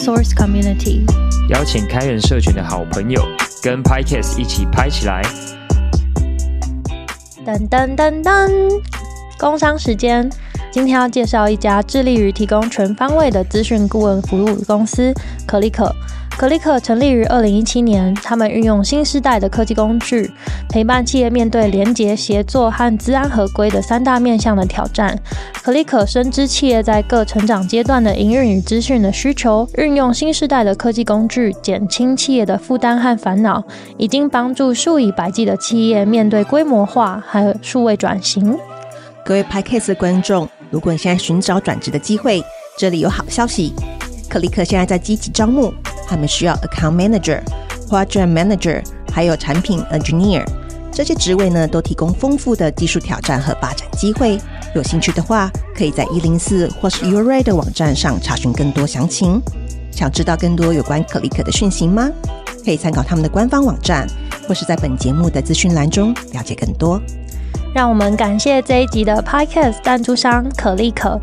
Source Community，邀請開源社群的好朋友跟 PyCast 一起拍起來。噔噔噔噔，工商時間，今天要介紹一家致力於提供全方位的資訊顧問服務的公司——可立可。可立可成立於二零一七年，他們運用新時代的科技工具，陪伴企業面對連接、協作和資安合規的三大面向的挑戰。可立可深知企業在各成長階段的營運與資訊的需求，運用新時代的科技工具，減輕企業的負擔和煩惱，已經幫助數以百計的企業面對規模化還有數位轉型。各位 PyCast 的觀眾，如果你現在尋找轉職的機會，這裡有好消息，可立可現在在積極招募。他們需要 account manager、project manager，還有產品 engineer。這些職位呢，都提供豐富的技術挑戰和發展機會。有興趣的話，可以在一零四或是 URA 的網站上查詢更多詳情。想知道更多有關可立可的訊息嗎？可以參考他們的官方網站，或是在本節目的資訊欄中了解更多。讓我們感謝這一集的 podcast 贊助商可立可。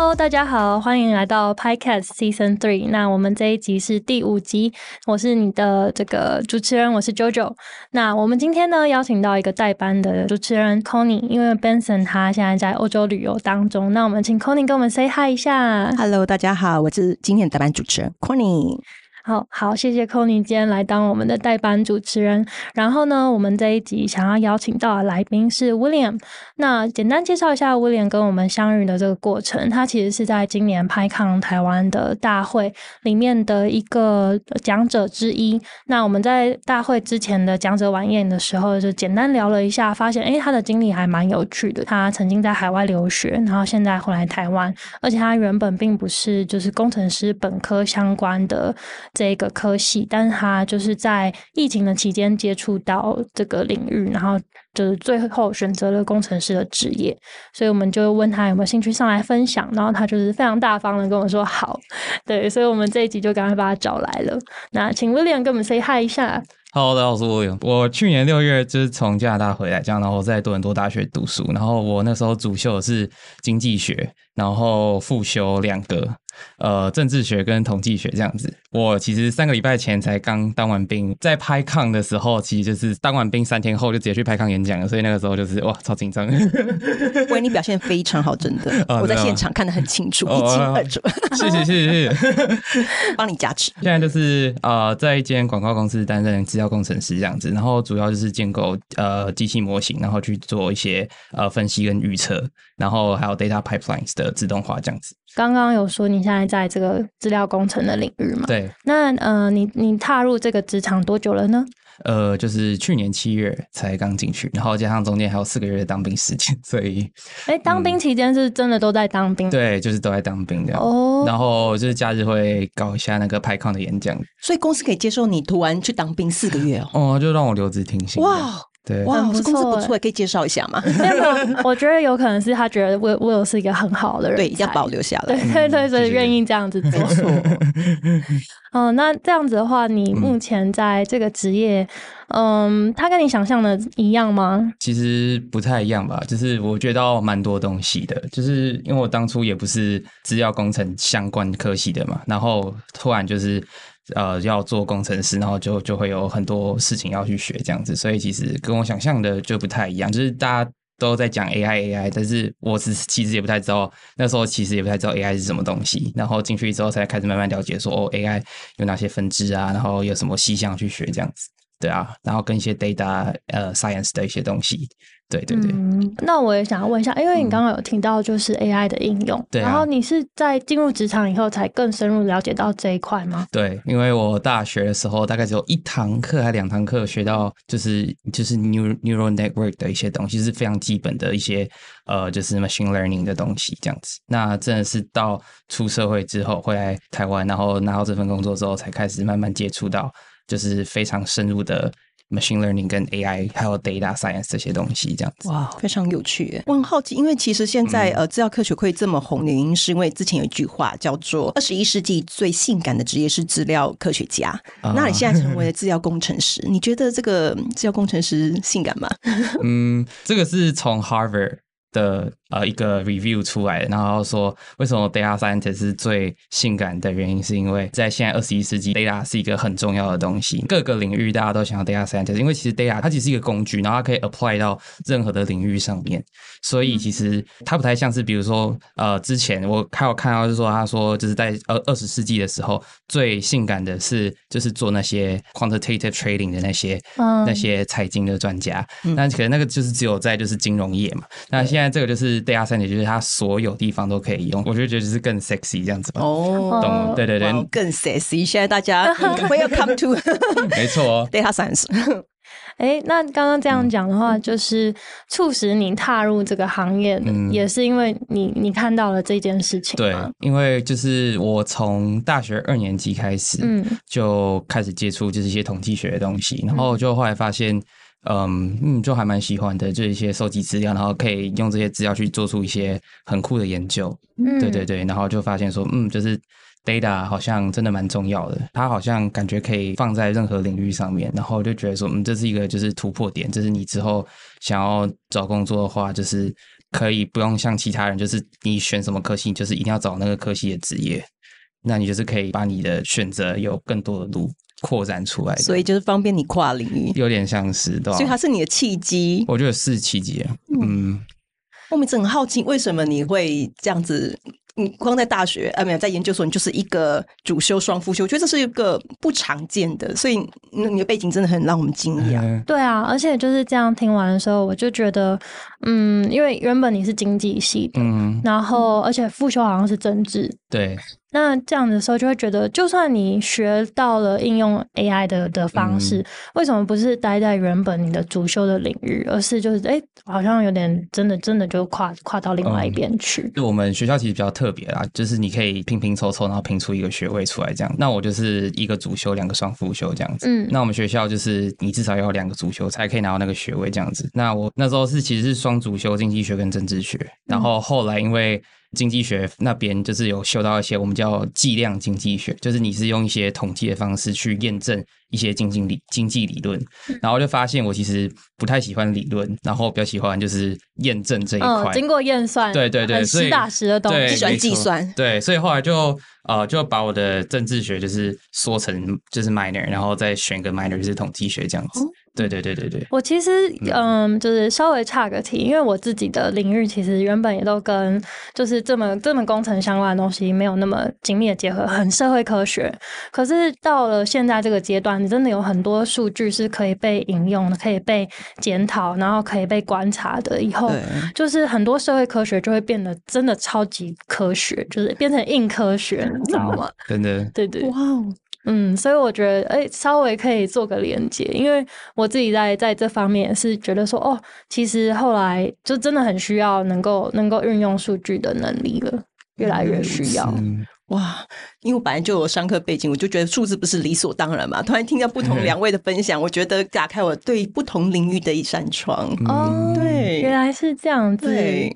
Hello，大家好，歡迎來到 PyCast Season Three。那我們這一集是第五集，我是你的這個主持人，我是 JoJo jo。那我們今天呢，邀請到一個代班的主持人 Connie，因為 Benson 他現在在歐洲旅遊當中。那我們請 Connie 跟我們 say hi 一下。Hello，大家好，我是今天代班主持人 Connie。好好，謝謝寇妮今天來當我們的代班主持人。然後呢，我們這一集想要邀請到的來賓是 William。那簡單介紹一下 William 跟我們相遇的這個過程。他其實是在今年 PyCon 台灣的大會裡面的一個講者之一。那我們在大會之前的講者晚宴的時候，就簡單聊了一下，發現哎，他的經歷還蠻有趣的。他曾經在海外留學，然後現在回來台灣，而且他原本並不是就是工程師本科相關的。這一個科系，但是他就是在疫情的期間接觸到這個領域，然後就是最後選擇了工程師的職業，所以我們就問他有沒有興趣上來分享，然後他就是非常大方的跟我說：“好，對。”所以，我們這一集就趕快把他找來了。那請 William 跟我們 say hi 一下。Hello，大家好，我是 William。我去年六月就是從加拿大回來，這樣，然後在多倫多大學讀書。然後我那時候主修的是經濟學，然後副修兩個。呃，政治學跟統計學這樣子。我其實三個禮拜前才剛當完兵，在 PyCon 的時候，其實就是當完兵三天後就直接去 PyCon 演講了，所以那個時候就是哇，超緊張。喂，你表現非常好，真的，啊、我在現場看得很清楚，啊、一清二楚。謝謝謝謝，幫、啊、 你加持。現在就是呃，在一間廣告公司擔任資料工程師這樣子，然後主要就是建構呃機器模型，然後去做一些呃分析跟預測。然後還有 data pipelines 的自動化這樣子。剛剛有說，你現在在這個資料工程的領域嘛？對。那呃，你你踏入這個職場多久了呢？呃，就是去年七月才剛進去，然後加上中間還有四個月的當兵時間，所以。哎，當兵期間是真的都在當兵？嗯、對，就是都在當兵這樣。Oh. 然後就是假日會搞一下那個 PyCon 的演講。所以公司可以接受你突然去當兵四個月哦？哦，就讓我留職停薪。哇。Wow. 對，哇，這工作不錯，不錯，可以介紹一下嗎？我覺得有可能是他覺得我我是一個很好的人，一定要保留下來。對對，對，所以願意這樣子做。嗯，謝謝。嗯，那這樣子的話，你目前在這個職業，嗯，嗯，他跟你想象的一樣嗎？其實不太一樣吧，就是我覺得蠻多東西的，就是因為我當初也不是資料工程相關科系的嘛，然後突然就是。呃，要做工程師，然後就就會有很多事情要去學這樣子，所以其實跟我想象的就不太一樣。就是大家都在講 AI，AI，AI，但是我只其實也不太知道，那時候其實也不太知道 AI 是什麼東西。然後進去之後，才開始慢慢了解說，說哦，AI 有哪些分支啊，然後有什麼細項去學這樣子，對啊，然後跟一些 data 呃 science 的一些東西。對對對、嗯，那我也想要問一下，因為你剛剛有聽到就是 AI 的應用，嗯對啊、然後你是在進入職場以後才更深入了解到這一塊嗎？對，因為我大學的時候大概只有一堂課還兩堂課學到、就是，就是就是 neural neural network 的一些東西、就是非常基本的一些呃，就是 machine learning 的東西這樣子。那真的是到出社會之後，回來台灣，然後拿到這份工作之後，才開始慢慢接觸到，就是非常深入的。machine learning 跟 AI 還有 data science 這些東西這樣子，哇 Wow, 非常有趣，我很好奇，因為其實現在、嗯、呃，資料科學會這麼紅的原因是因為之前有一句話叫做“二十一世紀最性感的職業是資料科學家”。Uh, 那你現在成為了資料工程師， 你覺得這個資料工程師性感嗎？ 嗯，這個是從 Harvard。的呃一個 review 出來，然後說為什麼 data scientist 是最性感的原因，是因為在現在二十一世紀，data 是一個很重要的東西，各個領域大家都想要 data scientist，因為其實 data 它只是一個工具，然後它可以 apply 到任何的領域上面，所以其實它不太像是比如說呃之前我還有看到就是說他說就是在呃二十世紀的時候最性感的是就是做那些 quantitative trading 的那些、um, 那些財經的專家，um, 那可能那個就是只有在就是金融業嘛，那現在。現在這個就是 data science，就是它所有地方都可以用，我就覺得就是更 sexy 這樣子吧。哦、oh,，懂。對對對，wow, 更 sexy。現在大家沒有 come to， 沒錯哦，data science。哎、欸，那剛剛這樣講的話，嗯、就是促使你踏入這個行業，嗯、也是因為你你看到了這件事情。對，因為就是我從大學二年級開始，嗯，就開始接觸就是一些統計學的東西，嗯、然後就後來發現。嗯、um, 嗯，就還蠻喜歡的，就一些收集資料，然後可以用這些資料去做出一些很酷的研究。嗯、對對對，然後就發現說，嗯，就是 data 好像真的蠻重要的，它好像感覺可以放在任何領域上面，然後就覺得說，嗯，這是一個就是突破點，這、就是你之後想要找工作的話，就是可以不用像其他人，就是你選什麼科系，就是一定要找那個科系的職業，那你就是可以把你的選擇有更多的路。擴展出來的，所以就是方便你跨領域，有點像是對吧？所以它是你的契機，我覺得是契機、啊。嗯，嗯，我們真的很好奇，為什麼你會這樣子？你光在大學啊，沒有在研究所，你就是一個主修雙副修，我覺得這是一個不常見的。所以，那你的背景真的很讓我們驚訝。嗯、對啊，而且就是這樣，聽完的時候我就覺得。嗯，因為原本你是經濟系的，嗯，然後而且輔修好像是政治，對。那這樣子的時候就會覺得，就算你學到了應用 AI 的的方式，嗯、為什麼不是待在原本你的主修的領域，而是就是哎，好像有點真的真的就跨跨到另外一邊去？就、嗯、我們學校其實比較特別啦，就是你可以拼拼湊湊，然後拼出一個學位出來這樣。那我就是一個主修兩個雙輔修這樣子，嗯。那我們學校就是你至少要兩個主修才可以拿到那個學位這樣子。那我那時候是其實是雙。主修經濟學跟政治學，然後後來因為經濟學那邊就是有修到一些我們叫計量經濟學，就是你是用一些統計的方式去驗證一些經濟理經濟理論，然後就發現我其實不太喜歡理論，然後比較喜歡就是驗證這一塊、嗯，經過驗算，對對對，實打實的東西，喜歡計算，對，所以後來就呃就把我的政治學就是說成就是 minor，然後再選個 minor 就是統計學這樣子。嗯對對對對對，我其實嗯，就是稍微岔個題，因為我自己的領域其實原本也都跟就是這麼這麼工程相關的東西沒有那麼緊密的結合，很社會科學。可是到了現在這個階段，你真的有很多數據是可以被引用的，可以被檢討，然後可以被觀察的。以後就是很多社會科學就會變得真的超級科學，就是變成硬科學，對你知道嗎？真的，對對，哇哦。嗯，所以我覺得，哎、欸，稍微可以做個連接，因為我自己在在這方面是覺得說，哦，其實後來就真的很需要能夠能夠運用數據的能力了，越來越需要。嗯、哇，因為我本來就有商科背景，我就覺得數字不是理所當然嘛。突然聽到不同兩位的分享，嗯、我覺得打開我對不同領域的一扇窗。嗯、對哦，對，原來是這樣子。對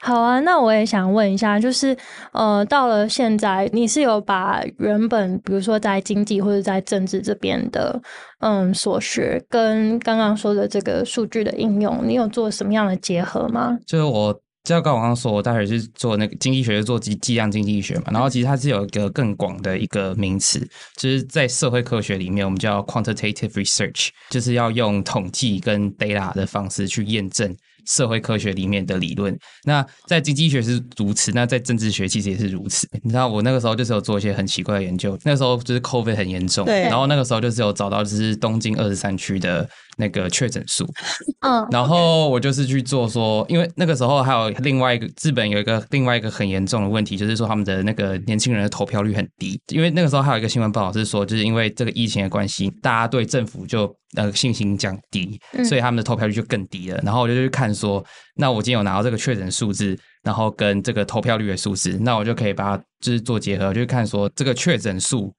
好啊，那我也想問一下，就是呃，到了現在，你是有把原本，比如說在經濟或者在政治這邊的，嗯，所學跟剛剛說的這個數據的應用，你有做什麼樣的結合嗎？就是我剛剛我剛說，我大學是做那個經濟學，做計計量經濟學嘛。嗯。然後其實它是有一個更廣的一個名詞，就是在社會科學裡面，我們叫 quantitative research，就是要用統計跟 data 的方式去驗證。社會科學裡面的理論，那在經濟學是如此，那在政治學其實也是如此。你知道，我那個時候就是有做一些很奇怪的研究，那時候就是 COVID 很嚴重，對然後那個時候就是有找到就是東京二十三區的。那個確診數，嗯，oh, okay. 然後我就是去做說，因為那個時候還有另外一個日本有一個另外一個很嚴重的問題，就是說他們的那個年輕人的投票率很低，因為那個時候還有一個新聞報道是說，就是因為這個疫情的關係，大家對政府就呃信心降低，所以他們的投票率就更低了。嗯，然後我就去看說，那我今天有拿到這個確診數字，然後跟這個投票率的數字，那我就可以把它就是做結合，就看說這個確診數，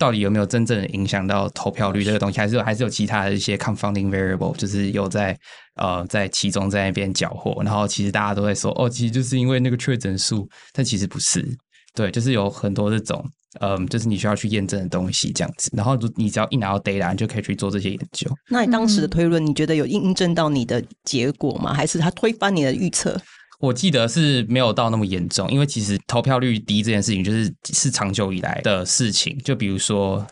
到底有沒有真正影響到投票率這個東西，還是有還是有其他的一些 confounding variable，就是有在呃在其中在那邊攪和，然後其實大家都在說，哦，其實就是因為那個確診數，但其實不是，對，就是有很多這種嗯，就是你需要去驗證的東西這樣子，然後你只要一拿到 data，你就可以去做這些研究。那你當時的推論，你覺得有印證到你的結果嗎？還是它推翻你的預測？我記得是沒有到那麼嚴重，因為其實投票率低這件事情，就是是長久以來的事情。就比如說，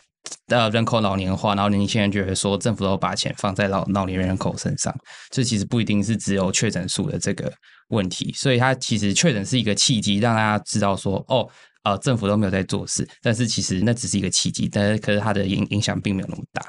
呃，人口老齡化，然後年輕人覺得說政府都把錢放在老老年人口身上，這其實不一定是只有確診數的這個問題。所以它其實確診是一個契機，讓大家知道說，哦，呃，政府都沒有在做事。但是其實那只是一個契機，但是可是它的影影響並沒有那麼大。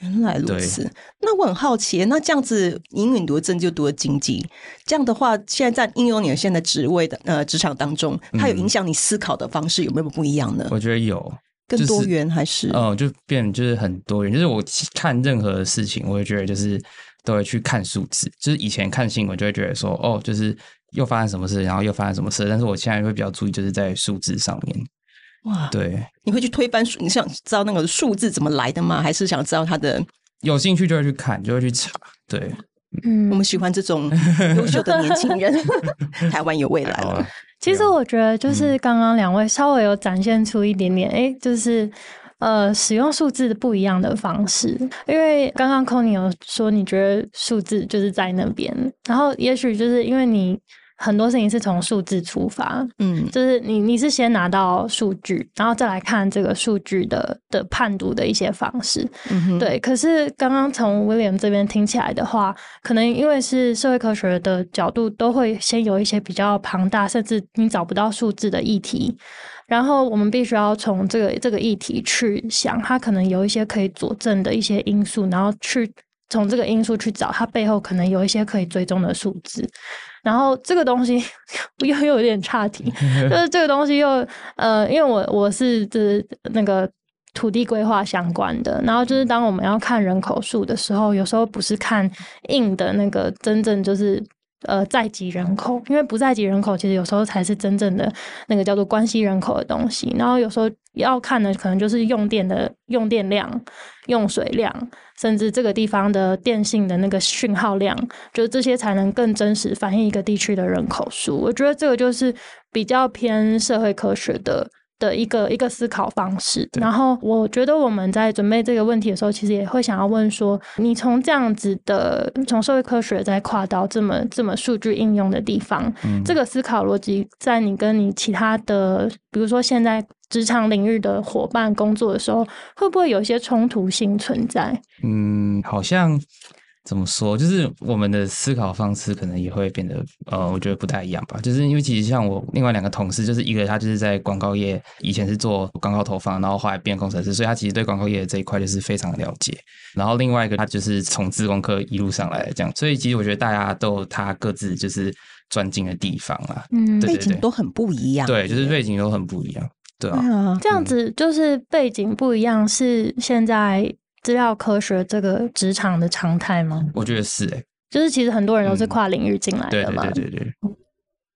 原來如此，對那我很好奇，那這樣子，因為你讀的政經就讀的經濟，這樣的話，現在在應用你的現在職位的呃職場當中，它有影響你思考的方式，有沒有不一樣呢？我覺得有，更多元還是哦、就是呃，就變就是很多元，就是我看任何事情，我會覺得就是都會去看數字，就是以前看新聞就會覺得說哦，就是又發生什麼事，然後又發生什麼事，但是我現在會比較注意，就是在數字上面。哇，對，你會去推翻，你想知道那個數字怎麼來的嗎？還是想知道它的？有興趣就會去看，就會去查，對，嗯，我們喜歡這種優秀的年輕人， 台灣有未來了。好其實我覺得，就是剛剛兩位稍微有展現出一點點，哎、嗯欸，就是呃，使用數字的不一樣的方式。因為剛剛 Connie 有說，你覺得數字就是在那邊，然後也許就是因為你。很多事情是從數字出發，嗯，就是你你是先拿到數據，然後再來看這個數據的的判讀的一些方式，嗯哼，對。可是剛剛從威廉這邊聽起來的話，可能因為是社會科學的角度，都會先有一些比較龐大甚至你找不到數字的議題，然後我們必須要從這個這個議題去想，它可能有一些可以佐證的一些因素，然後去從這個因素去找它背後可能有一些可以追蹤的數字。然後這個東西又 又有點岔題， 就是這個東西又呃，因為我我是就是那個土地規劃相關的，然後就是當我們要看人口數的時候，有時候不是看硬的那個真正就是。呃，在籍人口，因為不在籍人口其實有時候才是真正的那個叫做關係人口的東西。然後有時候要看的可能就是用電的用電量、用水量，甚至這個地方的電信的那個訊號量，就是這些才能更真實反映一個地區的人口數。我覺得這個就是比較偏社會科學的的一個一個思考方式，對然後我覺得我們在準備這個問題的時候，其實也會想要問說：你從這樣子的從社會科學再跨到這麼這麼數據應用的地方，嗯、這個思考邏輯在你跟你其他的，比如說現在職場領域的夥伴工作的時候，會不會有一些衝突性存在？嗯，好像。怎麼說？就是我們的思考方式可能也會變得，呃，我覺得不太一樣吧。就是因為其實像我另外兩個同事，就是一個他就是在廣告業，以前是做廣告投放，然後後來變工程師，所以他其實對廣告業的這一塊就是非常了解。然後另外一個他就是從資工科一路上來的，這樣。所以其實我覺得大家都有他各自就是專精的地方啊，背景都很不一樣。對，就是背景都很不一樣。對啊，嗯、啊這樣子、嗯、就是背景不一樣，是現在。資料科學這個職場的常態嗎？我覺得是哎、欸，就是其實很多人都是跨領域進來的嘛、嗯，對對對對。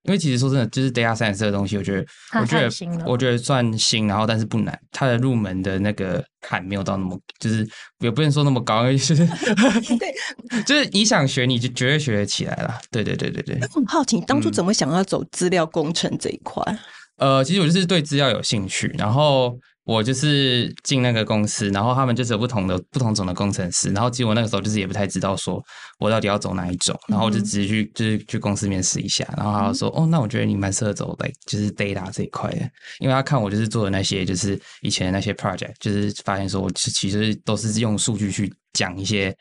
因為其實說真的，就是 Data Science 的東西，我覺得我覺得我覺得算新，然後但是不難，它的入門的那個坎沒有到那麼，就是也不能說那麼高，就是 對就是你想學你就絕對學得起來了，對對對對對。好奇，你當初怎麼想要走資料工程這一塊、嗯？呃，其實我就是對資料有興趣，然後。我就是進那個公司，然後他們就是有不同的不同種的工程師，然後結果那個時候就是也不太知道說我到底要走哪一種，然後我就直接去就是去公司面試一下，然後他就說，嗯，哦，那我覺得你蠻適合走 like，的就是 data 這一塊的，因為他看我就是做的那些就是以前的那些 project，就是發現說我其實都是用數據去講一些。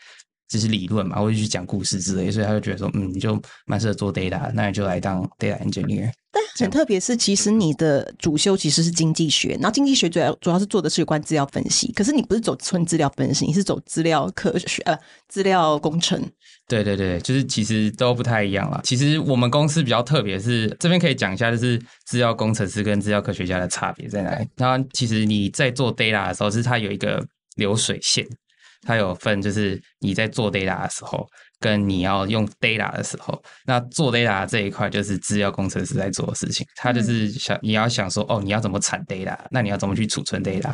就是理論嘛，我就去講故事之類，所以他就覺得說，嗯，你就蠻適合做 data，那你就來當 data engineer。但很特別，是其實你的主修其實是經濟學，然後經濟學主要主要是做的是有關資料分析，可是你不是走純資料分析，你是走資料科學，呃，資料工程。對對對，就是其實都不太一樣啦。其實我們公司比較特別是，是這邊可以講一下，就是資料工程師跟資料科學家的差別在哪裡。那其實你在做 data 的時候，是它有一個流水線。他有分，就是你在做 data 的時候，跟你要用 data 的時候，那做 data 這一塊就是資料工程師在做的事情。他就是想，你要想說，哦，你要怎麼產 data，那你要怎麼去儲存 data。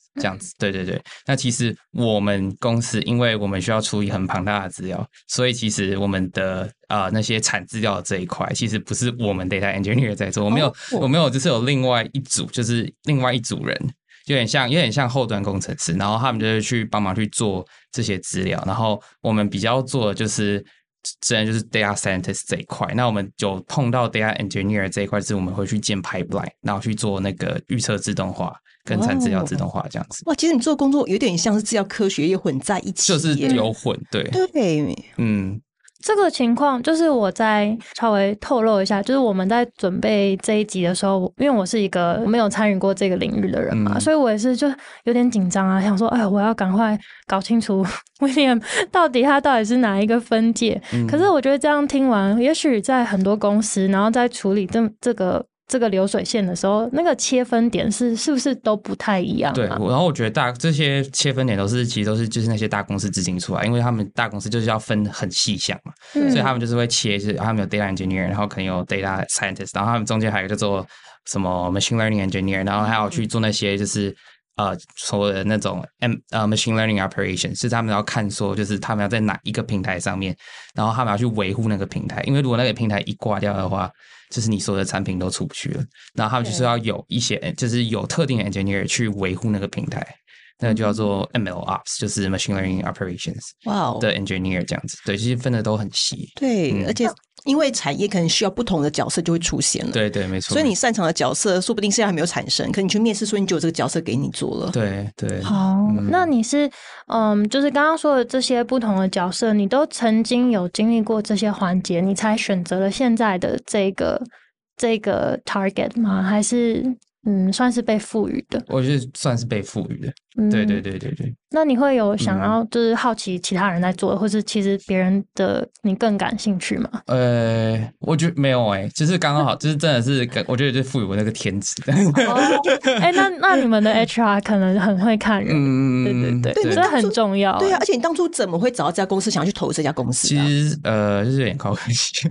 這樣子，對對對。那其實我們公司，因為我們需要處理很龐大的資料，所以其實我們的啊、呃、那些產資料的這一塊，其實不是我們 data engineer 在做，我們有，oh, oh. 我們有，就是有另外一組，就是另外一組人，有點像，有點像後端工程師，然後他們就會去幫忙去做這些資料，然後我們比較做的就是。自然就是 data scientist 這一塊，那我們就碰到 data engineer 這一塊，是我們會去建 pipeline，然後去做那個預測自動化跟產資料自動化這樣子哇。哇，其實你做工作有點像是資料科學也混在一起，就是有混，對，對，嗯。這個情況就是我再稍微透露一下，就是我們在準備這一集的時候，因為我是一個沒有參與過這個領域的人嘛，嗯、所以我也是就有點緊張啊，想說，哎，我要趕快搞清楚 William 到底他到底是哪一個分界？嗯、可是我覺得這樣聽完，也許在很多公司，然後在處理這這個。這個流水線的時候，那個切分點是是不是都不太一樣啊？對，然後我覺得大這些切分點都是其實都是就是那些大公司資金出來，因為他們大公司就是要分很細項嘛，嗯、所以他們就是會切，是他們有 data engineer，然後可能有 data scientist，然後他們中間還有就做什麼 machine learning engineer，然後還要去做那些就是、嗯、呃所謂的那種 m、呃、machine learning operation，是他們要看說就是他們要在哪一個平台上面，然後他們要去維護那個平台，因為如果那個平台一掛掉的話，就是你所有的產品都出不去了，然後他們就是要有一些，對就是有特定的 engineer 去維護那個平台，嗯、哼那就叫做 ML Ops，就是 machine learning operations Wow 的 engineer 這樣子，對，其實分的都很細，對，嗯、而且。因為產業可能需要不同的角色，就會出現了，對對沒錯。所以你擅長的角色說不定現在還沒有產生，對可是你去面試，所以你就有這個角色給你做了。對對。對好，嗯、那你是嗯，就是剛剛說的這些不同的角色，你都曾經有經歷過這些環節，你才選擇了現在的這個這個 target 嗎？還是嗯，算是被賦予的？我覺得算是被賦予的。嗯、對對對對對。那你會有想要就是好奇其他人在做，或是其實別人的你更感興趣嗎？呃，我覺得沒有哎，其實剛剛好，就是真的是我覺得就賦予我那個天職。哎，那那你們的 HR 可能很會看人，對對對，這很重要。對啊，而且你當初怎麼會找到這家公司，想要去投這家公司？其實呃，就是有點靠關係，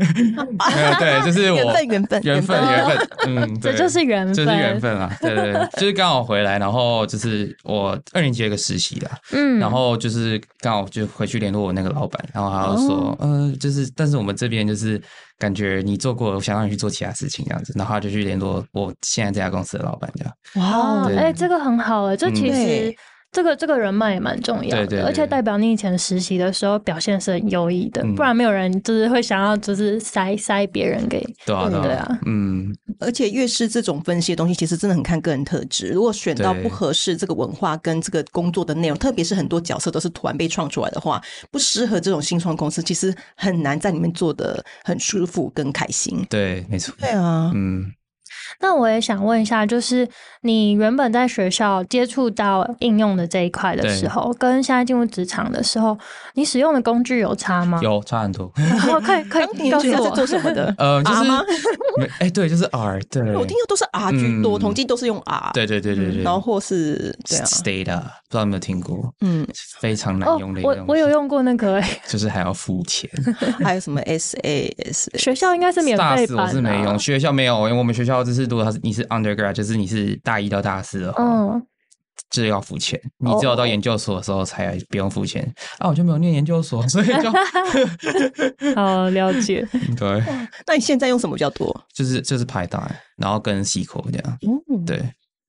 沒有對，就是緣分，緣分，緣分，緣分，嗯，這就是緣分，這是緣分啊，對對，就是剛好回來，然後就是我二年級有個實習的。嗯，然後就是剛好就回去聯絡我那個老闆，然後他就說，嗯、哦呃，就是但是我們這邊就是感覺你做過了，我想讓你去做其他事情這樣子，然後他就去聯絡我現在這家公司的老闆這樣。哇，哎對、欸，這個很好哎、欸，這其實、嗯。這個這個人脈也蠻重要的，對對對，而且代表你以前實習的時候表現是很優異的，嗯、不然沒有人就是會想要就是塞塞別人給你的、啊。嗯，而且越是這種分析的東西，其實真的很看個人特質。如果選到不合適這個文化跟這個工作的內容，對特別是很多角色都是突然被創出來的話，不適合這種新創公司，其實很難在裡面做得很舒服跟開心。對，沒錯。對啊。嗯。那我也想問一下，就是你原本在學校接觸到應用的這一塊的時候，對跟現在進入職場的時候，你使用的工具有差嗎？有差很多。哦、可以可以告訴我你是做什麼的？呃，就是 R< 嗎>、欸，對，就是 R。對，我聽說都是 R 居多，統計都是用 R。對對對對對。然後或是對啊，Stata 不知道有沒有聽過？嗯，非常難用的一個、哦。我我有用過那個、欸，就是還要付錢。還有什麼 SAS？學校應該是免費、啊，我是沒用。學校沒有，因為我們學校之前。如果他是你是 undergrad，就是你是大一到大四的話，就要付錢。你只有到研究所的時候才不用付錢。啊，我就沒有念研究所，所以就。好，了解。對，那你現在用什麼比較多？就是就是 Python，然後跟 SQL 這樣。對。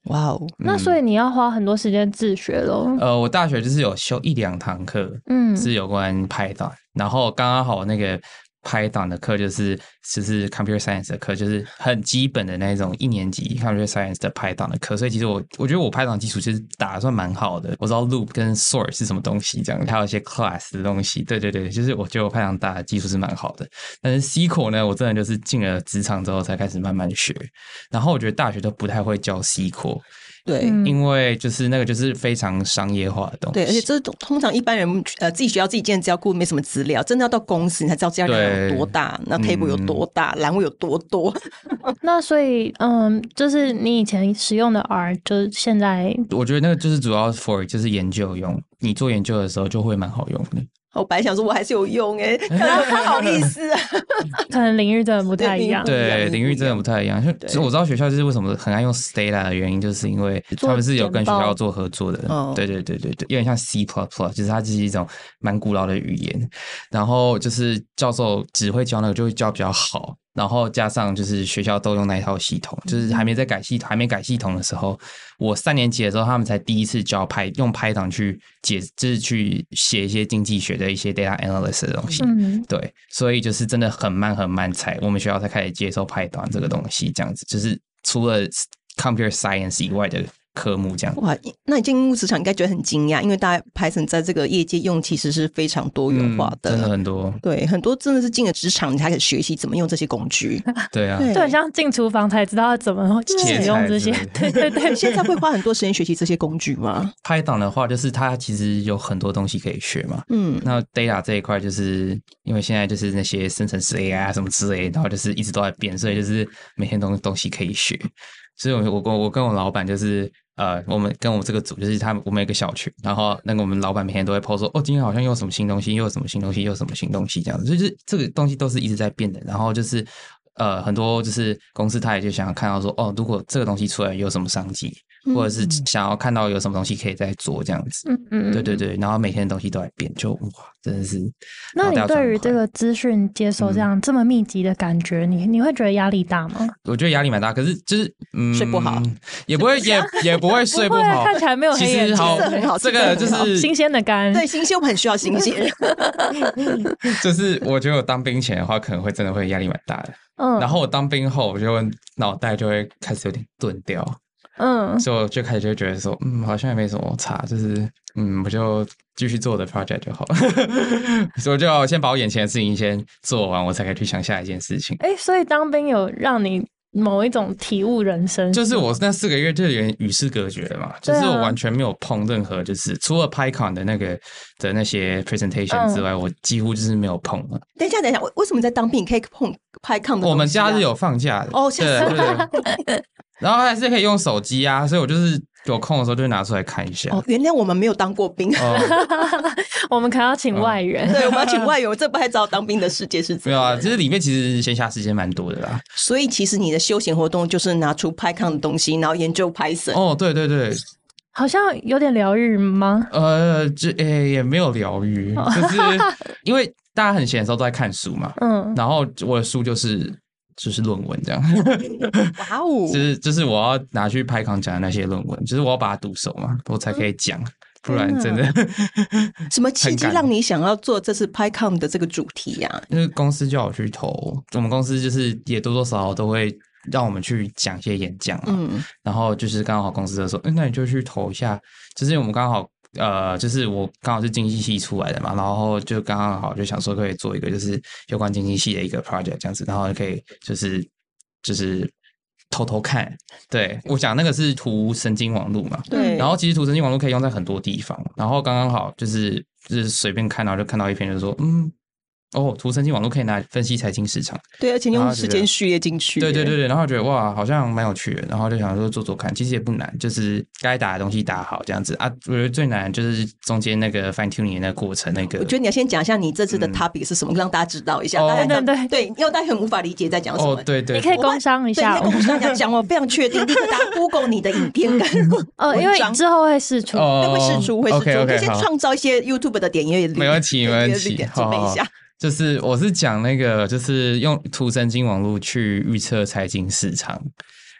哇哦，那所以你要花很多時間自學嘍？呃，我大學就是有修一兩堂課，嗯，是有關 Python，然後剛剛好那個 Python 的課就是。就是 computer science 的課，就是很基本的那種一年級 computer science 的 Python 的課，所以其實我我覺得我 Python 基礎其實打算蠻好的。我知道 loop 跟 sort 是什麼東西，這樣，還有一些 class 的東西。對對對，就是我覺得我 Python 打的基礎是蠻好的。但是 SQL 呢，我真的就是進了職場之後才開始慢慢學。然後我覺得大學都不太會教 SQL，對，因為就是那個就是非常商業化的東西。對，而且這、就是、通常一般人呃自己學校自己建資料庫沒什麼資料，真的要到公司你才知道資料量有多大。對那 table 有多大。嗯多大欄位有多多？ 那所以，嗯，就是你以前使用的 R，就是現在我覺得那個就是主要 for 就是研究用，你做研究的時候就會蠻好用的。我本想說，我還是有用可，欸、不，哎、呀好意思，啊，可能領域真的不太一樣。對，領域，對領域真的不太一樣。就其實對我知道學校就是為什麼很愛用 Stata 的原因，就是因為他們是有跟學校做合作的。對對對對對，有點像 C++，其實它是一種蠻古老的語言。然後就是教授只會教那個，就會教比較好。然後加上就是學校都用那一套系統，就是還沒在改系統還沒改系統的時候，我三年級的時候他們才第一次教 Py 用 Python 去解，就是去寫一些經濟學的一些 data analysis 的東西。嗯、對，所以就是真的很慢很慢才我們學校才開始接受 Python 這個東西，這樣子，就是除了 Computer Science 以外的。科目，這樣哇！那你進入職場應該覺得很驚訝，因為大家 Python 在這個業界用其實是非常多元化的，嗯、真的很多。對，很多真的是進了職場，你才可以學習怎麼用這些工具。對啊，對，就好像進廚房才知道怎麼使用這些。對，對對對，現在會花很多時間學習這些工具嗎？Python 的話，就是它其實有很多東西可以學嘛。嗯，那 data 這一塊，就是因為現在就是那些生成式 AI 什麼之類的，然後就是一直都在變，所以就是每天東東西可以學。所以，我跟我跟我老闆就是，呃，我們跟我這個組就是，他們我們一個小群，然後那個我們老闆每天都會 post 說，哦，今天好像又有什麼新東西，又有什麼新東西，又有什麼新東西，這樣子，所以就是這個東西都是一直在變的，然後就是，呃，很多就是公司他也就想看到說，哦，如果這個東西出來有什麼商機。或者是想要看到有什麼東西可以在做這樣子，嗯嗯，對對對，然後每天的東西都在變，就哇，真的是。那你對於這個資訊接收這樣這麼密集的感覺，你你會覺得壓力大嗎？我覺得壓力蠻大，可是就是嗯睡不好，也不會也也不會睡不好。看起來沒有黑眼圈，這個就是新鮮的肝，對新鮮，我很需要新鮮。就是我覺得我當兵前的話，可能會真的會壓力蠻大的，嗯，然後我當兵後，我就會腦袋就會開始有點鈍掉。嗯，所以我最開始就覺得說，嗯，好像也沒什麼，差。就是，嗯，我就繼續做我的 project 就好了。 所以我就要先把我眼前的事情先做完，我才可以去想下一件事情。哎、欸，所以當兵有讓你某一種體悟人生？就是我那四個月就是與世隔絕嘛，啊、就是我完全沒有碰任何，就是除了 PyCon 的那個的那些 presentation 之外，嗯、我幾乎就是沒有碰了。等一下，等一下，為什麼在當兵你可以碰 PyCon、啊？我們假日有放假的哦，是。 然後還是可以用手機啊，所以我就是有空的時候就會拿出來看一下。哦，原諒我們沒有當過兵，呃、 我們還要請外人，呃、對，我們要請外人，我 這不太知道當兵的世界是怎樣？沒有啊，其實裡面其實閒暇時間蠻多的啦。所以其實你的休閒活動就是拿出 Python 的東西，然後研究 Python。哦，對對對，好像有點療癒嗎？呃，這誒、欸、也沒有療癒，就、哦、是因為大家很閒的時候都在看書嘛。嗯，然後我的書就是。就是論文這樣 Wow，哇哦！就是就是我要拿去 PyCon 講的那些論文，就是我要把它讀熟嘛，我才可以講，嗯、不然真的。嗯啊、什麼契機讓你想要做這次 PyCon 的這個主題呀、啊？因為公司叫我去投，我們公司就是也多多少少都會讓我們去講一些演講嘛。嗯，然後就是剛好公司就說，嗯，那你就去投一下，就是我們剛好。呃，就是我剛好是經濟系出來的嘛，然後就剛剛好就想說可以做一個就是有關經濟系的一個 project 這樣子，然後可以就是就是偷偷看，對，我講那個是圖神經網絡嘛，對，然後其實圖神經網絡可以用在很多地方，然後剛剛好就是就是隨便看，然後就看到一篇就說嗯，哦，圖神經網絡可以拿來分析財經市場，對，而且用時間序列進去，對對對對。然後覺得哇，好像蠻有趣的，然後就想說做做看，其實也不難，就是該打的東西打好這樣子啊。我覺得最難就是中間那個 fine tuning 的過程，那個我覺得你要先講一下你這次的 topic 是什麼，讓大家知道一下。對對對，因為大家很無法理解在講什麼。對對，你可以工商一下，工商講講，我非常確定，你去 Google 你的影片看。呃，因為之後會釋出會釋出會釋出，可以先創造一些 YouTube 的點閱率。沒問題，沒問題，準備一下。就是我是講那個，就是用圖神經網絡去預測財經市場。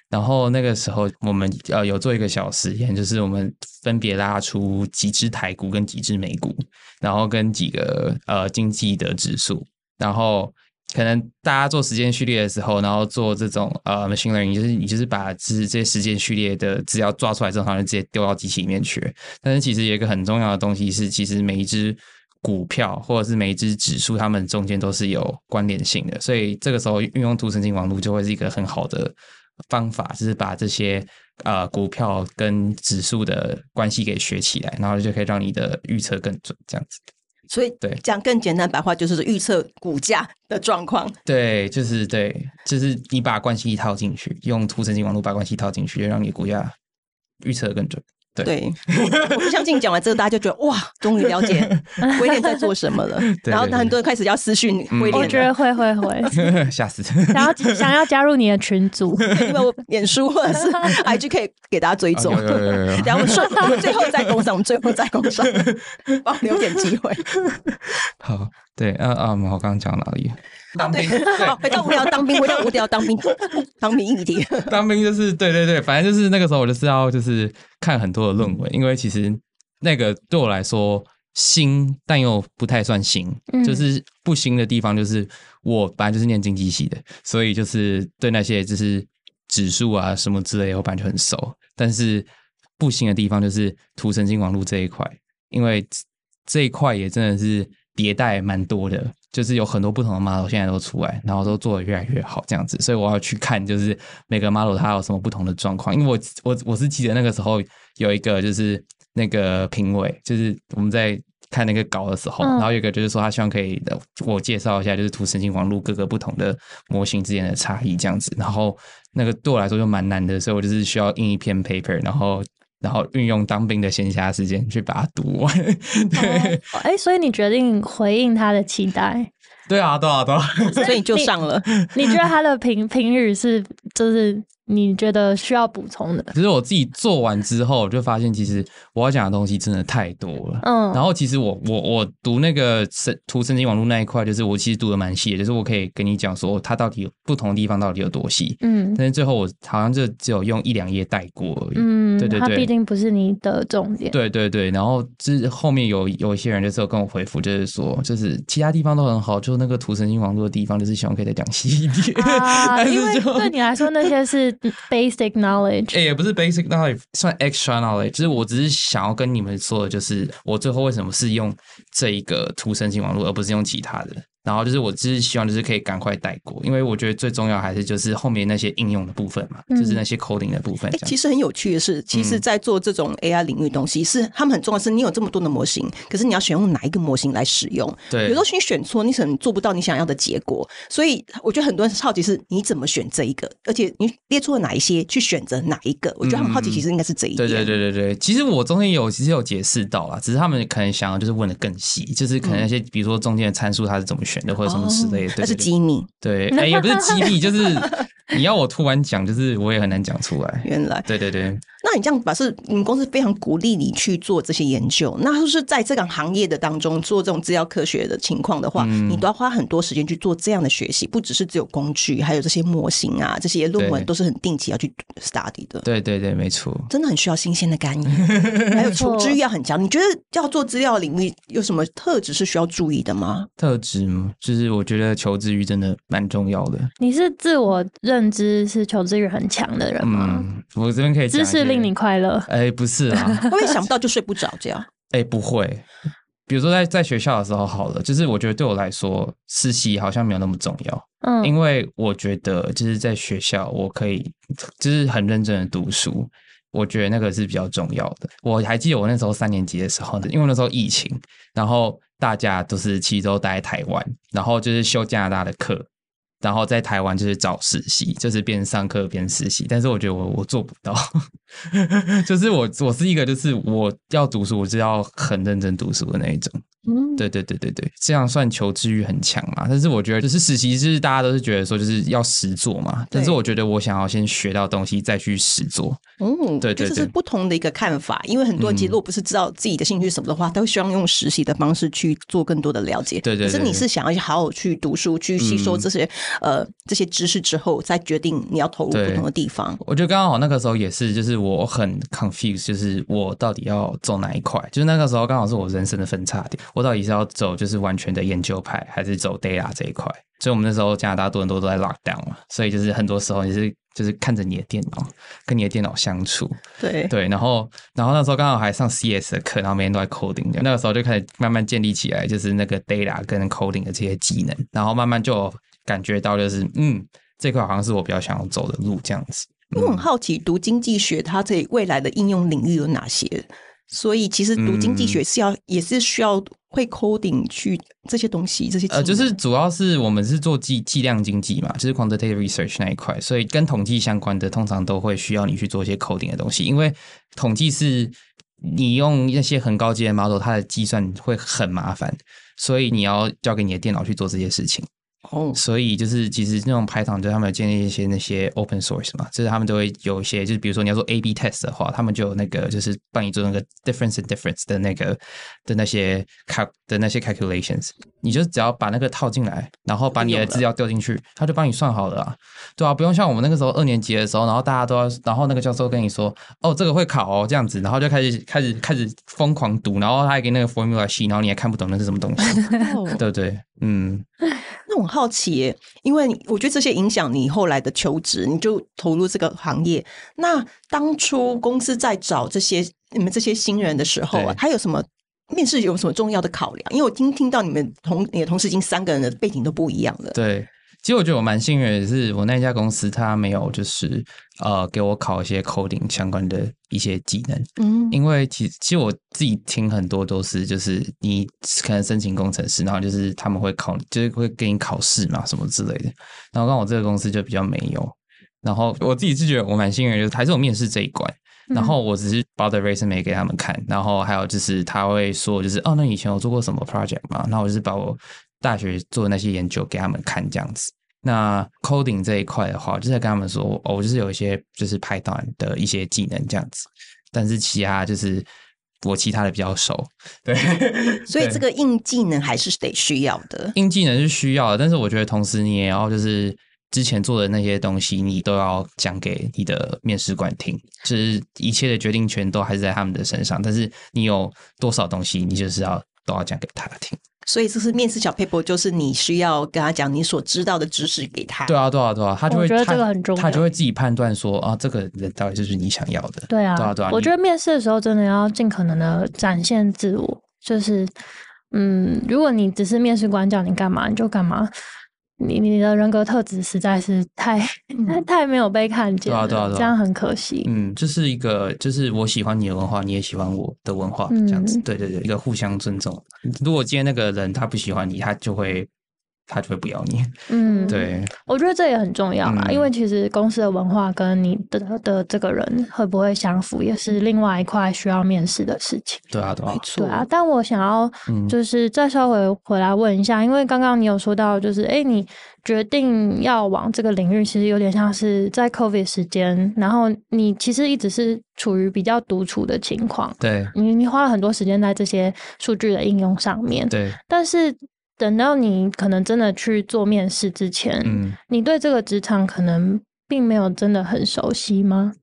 然後那個時候，我們呃有做一個小實驗，就是我們分別拉出幾隻台股跟幾隻美股，然後跟幾個呃經濟的指數。然後可能大家做時間序列的時候，然後做這種呃 machine learning，就是你就是把這這些時間序列的資料抓出來，正常人直接丟到機器裡面去。但是其實有一個很重要的東西是，其實每一隻。股票或者是每一隻指數，它們中間都是有關聯性的，所以這個時候運用圖神經網絡就會是一個很好的方法，就是把這些、呃、股票跟指數的關係給學起來，然後就可以讓你的預測更準，這樣子，對。所以，對講更簡單的白話，就是預測股價的狀況。對，就是對，就是你把關係套進去，用圖神經網絡把關係套進去，就讓你股價預測更準。對，對，我，我不相信你講完這個，大家就覺得哇，終於了解威廉在做什麼了。 對對對，然後很多人開始要私訊你威廉，我覺得會會會，嚇死 次！想要想要加入你的群組， 因為我演書或者是 I G 可以給大家追蹤。然後我們順最後再工商，我們最後再工商，我留點機會。 好，對，嗯、啊、嗯、啊，我剛剛講哪裡？當兵， 當兵，回到我要當兵，我當我要當兵，當兵一點 當兵就是對對對，反正就是那個時候，我就是要就是看很多的論文，嗯、因為其實那個對我來說新，但又不太算新，就是不新的地方就是我本來就是念經濟系的，所以就是對那些就是指數啊什麼之類，我本來就很熟。但是不新的地方就是圖神經網絡這一塊，因為這一塊也真的是迭代蠻多的。就是有很多不同的 model 現在都出來，然後都做得越來越好這樣子，所以我要去看就是每個 model 它有什麼不同的狀況。因為我我我是記得那個時候有一個就是那個評委，就是我們在看那個稿的時候，嗯、然後有一個就是說他希望可以的我介紹一下就是圖神經網絡各個不同的模型之間的差異這樣子，然後那個對我來說就蠻難的，所以我就是需要印一篇 paper，然後。.然後運用當兵的閒暇時間去把它讀完，對，哎、哦，所以你決定回應他的期待，對啊，對啊，對啊，所以，所以你就上了。你覺得他的評評語是就是？你覺得需要補充的？其實我自己做完之後，就發現其實我要講的東西真的太多了。嗯。然後其實我我我讀那個神圖神經網絡那一塊，就是我其實讀得蠻細的，就是我可以跟你講說、哦、它到底有不同的地方到底有多細。嗯。但是最後我好像就只有用一兩頁帶過而已。嗯。對對對。它畢竟不是你的重點。對對對。然後之後面有有一些人就是有跟我回復，就是說就是其他地方都很好，就是、那個圖神經網絡的地方，就是希望可以再講細一點。啊、是因為對你來說那些是。 basic knowledge，誒、欸、也不是 basic knowledge，算 extra knowledge。就是我只是想要跟你們說的，就是我最後為什麼是用這一個圖神經網絡，而不是用其他的。然後就是我只是希望就是可以趕快帶過，因為我覺得最重要還是就是後面那些應用的部分嘛，嗯、就是那些 coding 的部分。哎、欸，其實很有趣的是，其實在做這種 AI 領域的東西，嗯、是他們很重要。是，你有這麼多的模型，可是你要選用哪一個模型來使用？對，有時候你選錯，你可能做不到你想要的結果。所以我覺得很多人是好奇是，你怎麼選這一個？而且你列出了哪一些去選擇哪一個？嗯、我覺得他們好奇其實應該是這一，對對對對對。其實我中間有其實有解釋到啦，只是他們可能想要就是問的更細，就是可能那些、嗯、比如說中間的參數它是怎麼選。選的或者什麼之類的，oh, 哎、就是機密。對，哎，也不是機密，就是。你要我突然講，就是我也很難講出來。原來，對對對。那你這樣吧，是你們公司非常鼓勵你去做這些研究。那就是在這個行業的當中做這種資料科學的情況的話，嗯、你都要花很多時間去做這樣的學習，不只是只有工具，還有這些模型啊，這些論文都是很定期要去 study 的。對，對對對，沒錯。真的很需要新鮮的概念， 還有求知欲要很強。你覺得要做資料領域有什麼特質是需要注意的嗎？特質嗎？就是我覺得求知欲真的蠻重要的。你是自我認。甚至是求知欲很強的人嗎？嗯，我這邊可以。知識令你快樂？哎、欸，不是啊，我也想不到就睡不着覺。哎，不會。比如說在，在在學校的時候，好了，就是我覺得對我來說，實習好像沒有那麼重要。嗯，因為我覺得就是在學校，我可以就是很認真的讀書，我覺得那個是比較重要的。我還記得我那時候三年級的時候呢，因為那時候疫情，然後大家都是七周待在台灣，然後就是修加拿大的課，然後在台灣就是找實習，就是邊上課邊實習，但是我覺得我我做不到， 就是我我是一個就是我要讀書，我就要很認真讀書的那一種。嗯，對對對對對，這樣算求知欲很強嘛？但是我覺得，就是實習是大家都是覺得說就是要實做嘛。對但是我覺得，我想要先學到東西再去實做。嗯對，對，對，就是不同的一個看法。因為很多人其實如果不是知道自己的興趣什麼的話，嗯、都希望用實習的方式去做更多的了解。對，對對。可是你是想要去好好去讀書，去吸收這些、嗯、呃這些知識之後，再決定你要投入不同的地方。我覺得剛好那個時候也是，就是我很 confused，就是我到底要走哪一塊？就是那個時候剛好是我人生的分叉點。我到底是要走就是完全的研究派，還是走 data 這一塊？所以我們那時候加拿大多很多都在 lockdown 嘛，所以就是很多時候你是就是看着你的電腦，跟你的電腦相處。對對，然後然後那時候剛好還上 CS 的課，然後每天都在 coding。那個時候就開始慢慢建立起來，就是那個 data 跟 coding 的這些技能，然後慢慢就感覺到就是嗯，這塊好像是我比較想要走的路這樣子。我、嗯、很好奇，讀經濟學它這未來的應用領域有哪些？所以其實讀經濟學是要，嗯，也是需要會 coding 去這些東西，這些，呃，就是主要是我們是做計計量經濟嘛，就是 quantitative research 那一塊，所以跟統計相關的通常都會需要你去做一些 coding 的東西，因為統計是你用那些很高級的 model，它的計算會很麻煩，所以你要交給你的電腦去做這些事情。哦，oh. 所以就是其實那種 Python，就是他們建立一些那些 open source 嘛，就是他們都會有一些，就是比如說你要做 A B test 的話，他們就有那個就是幫你做那個 difference in difference 的那個的那些 calc 的那些 calculations，你就只要把那個套進來，然後把你的資料丟進去，他就幫你算好了啦，對啊，不用像我們那個時候二年級的時候，然後大家都要，然後那個教授跟你說，哦，這個會考哦這樣子，然後就開始開始開始瘋狂讀，然後他還給那個 formula sheet 然後你也看不懂那是什麼東西，oh. 對不對，對？嗯，那我很好奇、欸，因為我覺得這些影響你後來的求職，你就投入這個行業。那當初公司在找這些你們這些新人的時候、啊，他對 有什麼面試有什麼重要的考量？因為我聽聽到你們同也同時進三個人的背景都不一樣的，對。其實我覺得我蠻幸運的，是我那家公司他沒有就是呃給我考一些 coding 相關的一些技能，嗯，因為其實其實我自己聽很多都是就是你可能申請工程師，然後，就是他們會考，就是會給你考試嘛什麼之類的，然後讓我這個公司就比較沒有，然後我自己是覺得我蠻幸運的，就是還是我面試這一關，然後我只是把我的 resume 給他們看，然後還有就是他會說就是哦那你以前我做過什麼 project 嘛，那我就是把我。大學做的那些研究給他們看這樣子，那 coding 這一塊的話，就在、是、跟他們說，我、哦、就是有一些就是 Python 的一些技能這樣子，但是其他就是我其他的比較熟，對，所以這個硬技能還是得需要的。硬技能是需要的，但是我覺得同時你也要就是之前做的那些東西，你都要講給你的面試官聽，就是一切的決定權都還是在他們的身上，但是你有多少東西，你就是要都要講給他聽。所以這是面試小 paper，就是你需要跟他講你所知道的知識給他。對啊，對啊，對啊，他就會覺得這個很重要。他就會自己判斷說，啊，這個人到底是不是你想要的。對啊，對啊，對啊，我覺得面試的時候真的要盡可能的展現自我，就是嗯，如果你只是面試官，叫你幹嘛你就幹嘛。你你的人格特質實在是太、嗯、太沒有被看見，對啊，對啊對啊，這樣很可惜。嗯，這是一個就是我喜歡你的文化，你也喜歡我的文化，這樣子，嗯、對對對，一個互相尊重。如果今天那個人他不喜歡你，他就會。他就會不要你。嗯，對，我覺得這也很重要嘛，嗯，因為其實公司的文化跟你的的這個人會不會相符，也是另外一塊需要面試的事情。對啊，對啊，沒錯啊。說但我想要就是再稍微回來問一下，嗯，因為剛剛你有說到，就是哎，你決定要往這個領域，其實有點像是在 COVID 時間，然後你其實一直是處於比較獨處的情況。對，你你花了很多時間在這些數據的應用上面。對，但是。等到你可能真的去做面試之前，嗯、你對這個職場可能並沒有真的很熟悉嗎？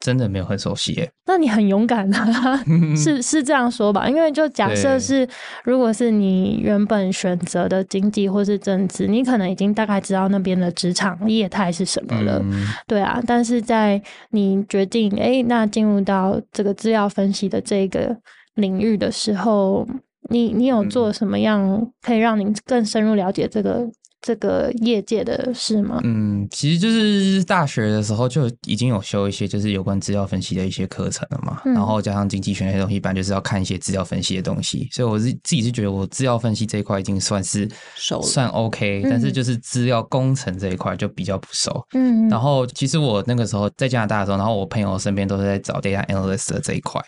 真的沒有很熟悉耶。那你很勇敢啊， 是是這樣說吧？因為就假設是，對如果是你原本選擇的經濟或是政治，你可能已經大概知道那邊的職場業態是什麼了，嗯、對啊。但是在你決定哎、欸，那進入到這個資料分析的這個領域的時候。你你有做什麼樣可以讓您更深入了解這個、嗯、這個業界的事嗎？嗯，其實就是大學的時候就已經有修一些就是有關資料分析的一些課程了嘛。嗯、然後加上經濟學那些東西，一般就是要看一些資料分析的東西。所以我是自己是覺得我資料分析這一塊已經算是熟了，算 OK，嗯。但是就是資料工程這一塊就比較不熟。嗯。然後其實我那個時候在加拿大的時候，然後我朋友身邊都是在找 data analyst 的這一塊。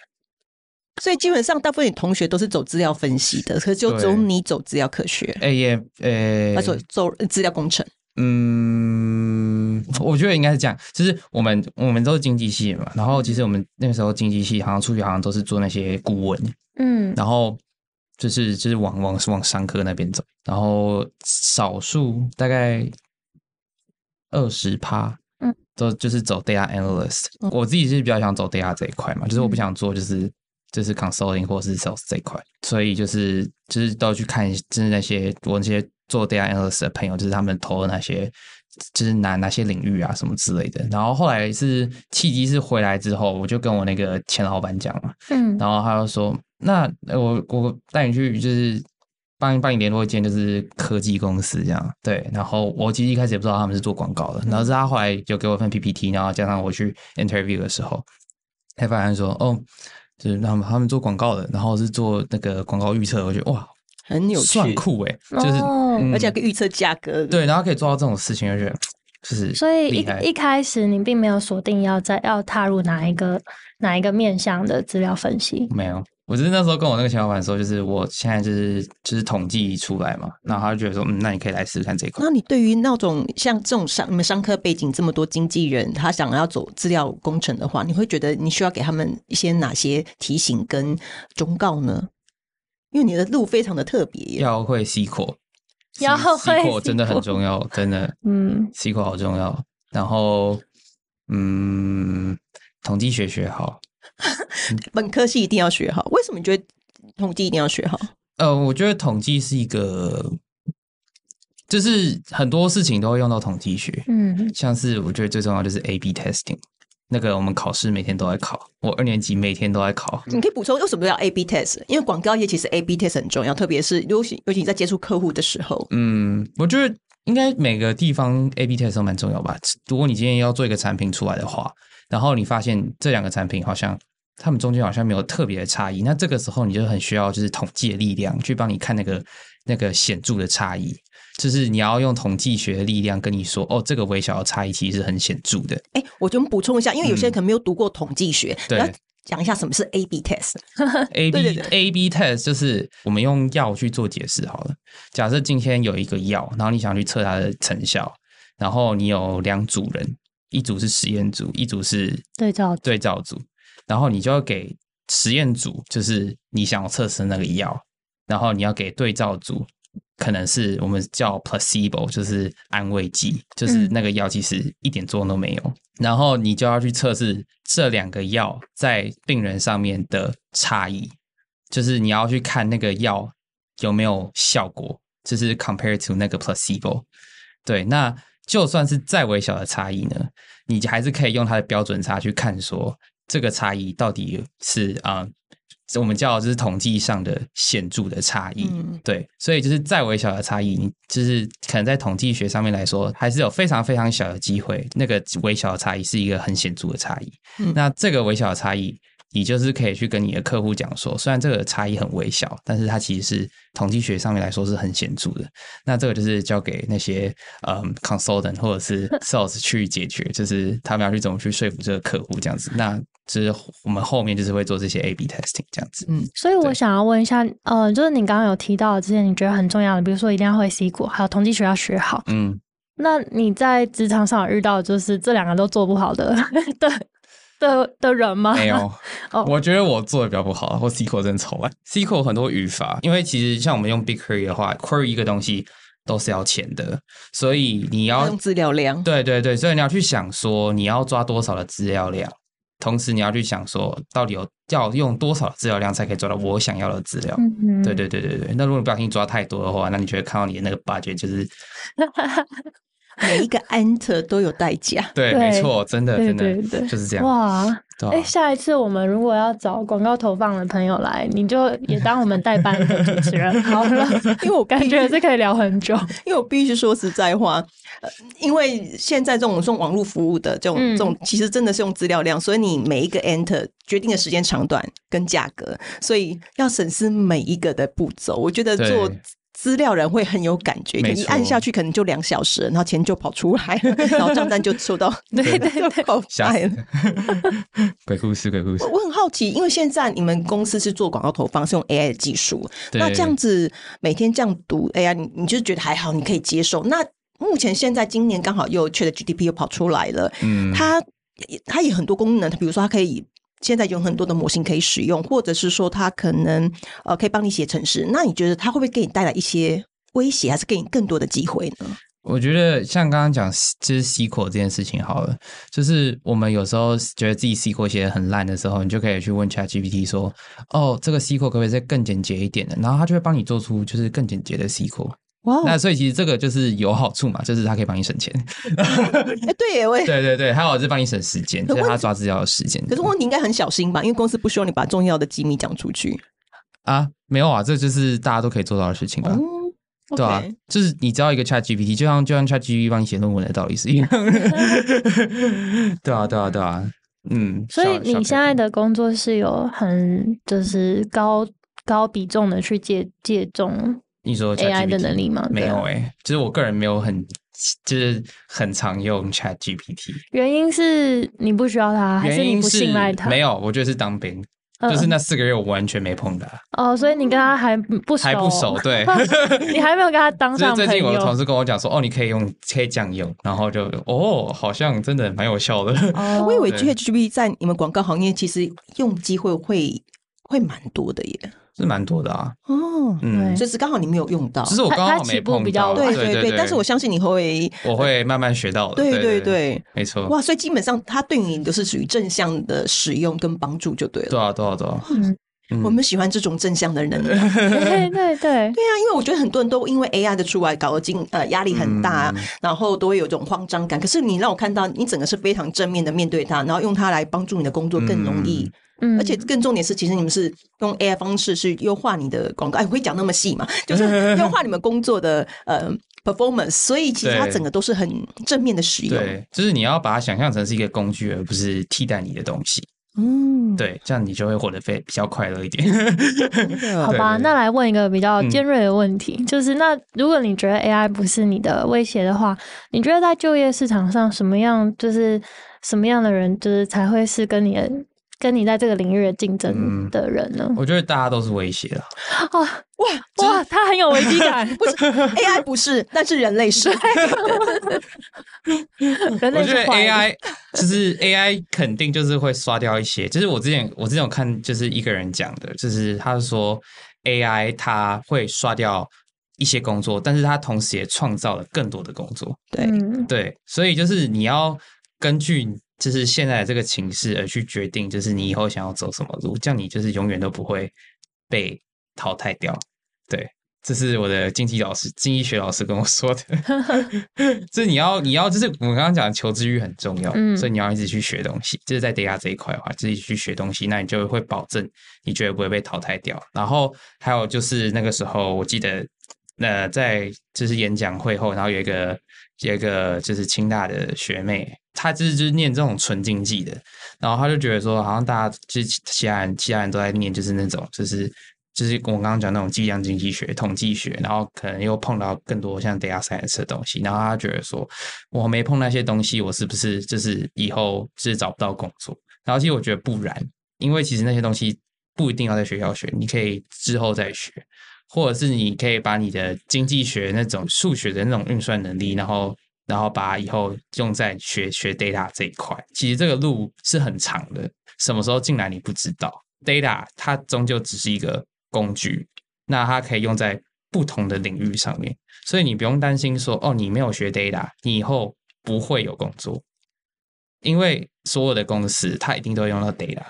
所以基本上大部分同學都是走資料分析的，可是就只有你走資料科學。哎也對，哎，他說走資料工程。嗯，我覺得應該是這樣。就是我們我們都是經濟系嘛，然後其實我們那個時候經濟系好像出去好像都是做那些顧問。嗯，然後就是就是往往是往商科那邊走，然後少數大概二十趴，嗯，都就是走 data analyst，嗯。我自己是比較想走 data 這一塊嘛，就是我不想做就是。就是 consulting 或是 sales 這一塊，所以就是就是都要去看，就是那些我那些做 data analyst 的朋友，就是他們投的那些，就是哪哪些領域啊什麼之類的。然後後來是契機是回來之後，我就跟我那個前老闆講嘛，嗯，然後他就說，那我我帶你去，就是幫幫你聯絡一間就是科技公司這樣。對，然後我其實一開始也不知道他們是做廣告的，然後是他後來就給我份 PPT，然後加上我去 interview 的時候，才發現說，哦。就是他們，他們做廣告的，然後是做那個廣告預測，我覺得哇，很有趣，算酷誒、欸。哦、就是，嗯、而且可以預測價格，對，然後可以做到這種事情，我覺得就是，所以一害一開始你並沒有鎖定要在要踏入哪一個哪一個面向的資料分析，沒有。我就是那時候跟我那個小伙伴說，就是我現在就是就是統計出來嘛，然後他就覺得說，嗯，那你可以來試試看這一塊。那你對於那種像這種商你們、嗯、商科背景這麼多經紀人，他想要走資料工程的話，你會覺得你需要給他們一些哪些提醒跟忠告呢？因為你的路非常的特別，要會 SQL，然後 SQL 真的很重要，真的，嗯，SQL 好重要。然後，嗯，統計學學好。 本科系一定要學好，為什麼你覺得統計一定要學好？呃，我覺得統計是一個，就是很多事情都會用到統計學。嗯，像是我覺得最重要就是 A B testing，那個我們考試每天都在考，我二年級每天都在考。嗯、你可以補充為什麼要 A B test？因為廣告業其實 A B test 很重要，特別是尤其尤其你在接觸客戶的時候。嗯，我覺得應該每個地方 A B test 都蠻重要吧。如果你今天要做一個產品出來的話，然後你發現這兩個產品好像。他們中間好像沒有特別的差異，那這個時候你就很需要就是統計的力量去幫你看那個那個顯著的差異，就是你要用統計學的力量跟你說，哦，這個微小的差異其實是很顯著的。哎、欸，我就補充一下，因為有些人可能沒有讀過統計學，嗯、對，講一下什麼是 A B test 對。A B A B test 就是我們用藥去做解釋好了。假設今天有一個藥，然後你想去測它的成效，然後你有兩組人，一組是實驗組，一組是對照對照組。然後你就要給實驗組，就是你想要測試的那個藥，然後你要給對照組，可能是我們叫 placebo，就是安慰劑，就是那個藥其實一點作用都沒有。嗯。然後你就要去測試這兩個藥在病人上面的差異，就是你要去看那個藥有沒有效果，就是 compare to 那個 placebo。對，那就算是再微小的差異呢，你還是可以用它的標準差去看說。這個差異到底是啊，uh, 這我們叫的是統計上的顯著的差異，嗯、對，所以就是再微小的差異，就是可能在統計學上面來說，還是有非常非常小的機會，那個微小的差異是一個很顯著的差異。嗯、那這個微小的差異，你就是可以去跟你的客戶講說，雖然這個差異很微小，但是它其實是統計學上面來說是很顯著的。那這個就是交給那些嗯 consultant 或者是 sales 去解決， 就是他們要去怎麼去說服這個客戶這樣子。那就是我們後面就是會做這些 A/B testing 這樣子。嗯，所以我想要問一下，對呃，就是你剛剛有提到之前你覺得很重要的，比如說一定要會 SQL，還有統計學要學好。嗯，那你在職場上遇到就是這兩個都做不好的，對， 的的人嗎？沒有。 哦，我覺得我做的比較不好，或 SQL 真醜啊。SQL 很多語法，因為其實像我們用 BigQuery 的話，Query 一個東西都是要錢的，所以你要，要用資料量。對對對，所以你要去想說你要抓多少的資料量。同時，你要去想說，到底有要用多少的資料量才可以抓到我想要的資料？對、嗯、哼對對對對。那如果你不小心抓太多的話，那你就會看到你的那個 budget 就是。 每一個 enter 都有代價，對，對沒錯，真的，對對對對真的，就是這樣。哇！哎、啊欸，下一次我們如果要找廣告投放的朋友來，你就也當我們代班的主持人好了， 因為我感覺這可以聊很久。因為我必須說實在話、呃，因為現在這種送網絡服務的這種這種，其實真的是用資料量，嗯、所以你每一個 enter 決定的時間長短跟價格，所以要審視每一個的步驟。我覺得做。資料人會很有感覺，你錯按下去可能就兩小時，然後錢就跑出來了，然後賬單就收到，對對對， 出跑出來了。死了 鬼故事，鬼故事。我，我很好奇，因為現在你們公司是做廣告投放，是用 AI 的技術，對那這樣子每天這樣讀 AI，你你就覺得還好，你可以接受。那目前現在今年剛好又缺的 GDP 又跑出來了，嗯，它它有很多功能，它比如說它可以。現在有很多的模型可以使用，或者是說它可能呃可以幫你寫程式，那你覺得它會不會給你帶來一些威脅，還是給你更多的機會呢？我覺得像剛剛講就是 SQL 這件事情好了，就是我們有時候覺得自己 SQL 寫得很爛的時候，你就可以去問 ChatGPT 說，哦，這個 SQL 可不可以再更簡潔一點的？然後它就會幫你做出就是更簡潔的 SQL。Wow. 那所以其實這個就是有好處嘛，就是它可以幫你省錢。 欸、對，我也對對對，還有是幫你省時間，就是他抓資料的時間。可是問題應該很小心吧？因為公司不需要你把重要的機密講出去啊？沒有啊，這就是大家都可以做到的事情吧？Oh, okay. 對啊，就是你知道一個 ChatGPT，就像就像 ChatGPT 幫你寫論文的道理是一樣 對、啊。對啊，對啊，對啊，嗯。所以你現在的工作是有很就是高高比重的去借借重。你說 AI 的能力嗎？沒有哎、欸，就是我個人沒有很，就是很常用 Chat GPT。原因是你不需要它，還是你不信賴它？沒有，我覺得是當兵，嗯、就是那四個月我完全沒碰他、啊、哦，所以你跟他還不熟還不熟，對， 你還沒有跟他當上朋友。最近我的同事跟我講說，哦，你可以用，ChatGPT，然後就哦，好像真的蠻有效的。Oh, 對我以為 Chat GPT 在你們廣告行業其實用機會會。會蠻多的耶，是蠻多的啊。哦，嗯，就是剛好你沒有用到。其實我剛好沒碰比較。對對對。但是我相信你會，我會慢慢學到的。對對對，沒錯。哇，所以基本上它對你都是屬於正向的使用跟幫助就對了。多少多少多少，我們喜歡這種正向的人。對對對，對啊，因為我覺得很多人都因為 AI 的出來搞得進呃壓力很大，然後都會有種慌張感。可是你讓我看到你整個是非常正面的面對它，然後用它來幫助你的工作更容易。嗯，而且更重點是，其實你們是用 AI 方式去優化你的廣告，哎，我會講那麼細嘛，就是優化你們工作的 呃 performance，所以其實它整個都是很正面的使用。對，就是你要把它想象成是一個工具，而不是替代你的東西。嗯，對，這樣你就會活得費比較快樂一點。 對對對，好吧，那來問一個比較尖銳的問題，嗯、就是那如果你覺得 AI 不是你的威脅的話，你覺得在就業市場上什麼樣，就是什麼樣的人，就是才會是跟你的？跟你在這個領域的競爭的人呢、嗯？我覺得大家都是威脅的。啊哇、就是、哇，他很有危機感。不是 AI，不是，但是人類， 人類是。我覺得 AI 就是 AI，肯定就是會刷掉一些。就是我之前我之前有看，就是一個人講的，就是他說 AI 他會刷掉一些工作，但是他同時也創造了更多的工作。對對，所以就是你要根據。就是現在的這個情勢而去決定，就是你以後想要走什麼路，這樣你就是永遠都不會被淘汰掉。對，這是我的經濟老師、經濟學老師跟我說的。這 你要，你要就是我剛剛講，求知欲很重要，嗯、所以你要一直去學東西。就是在 DA 這一塊的話，自己、就是、去學東西，那你就會保證你絕對不會被淘汰掉。然後還有就是那個時候，我記得那、呃、在就是演講會後，然後有一個有一個就是清大的學妹。他就是就是念這種純經濟的，然後他就覺得說，好像大家就是其他人，其他人都在念，就是那種就是就是跟我剛剛講那種計量經濟學、統計學，然後可能又碰到更多像 data science 的東西，然後他覺得說，我沒碰那些東西，我是不是就是以後是找不到工作？然後其實我覺得不然，因為其實那些東西不一定要在學校學，你可以之後再學，或者是你可以把你的經濟學那種數學的那種運算能力，然後。然後把它以後用在學學 data 這一塊，其實這個路是很長的。什麼時候進來你不知道，data 它終究只是一個工具，那它可以用在不同的領域上面。所以你不用擔心說，哦，你沒有學 data，你以後不會有工作，因為所有的公司它一定都會用到 data。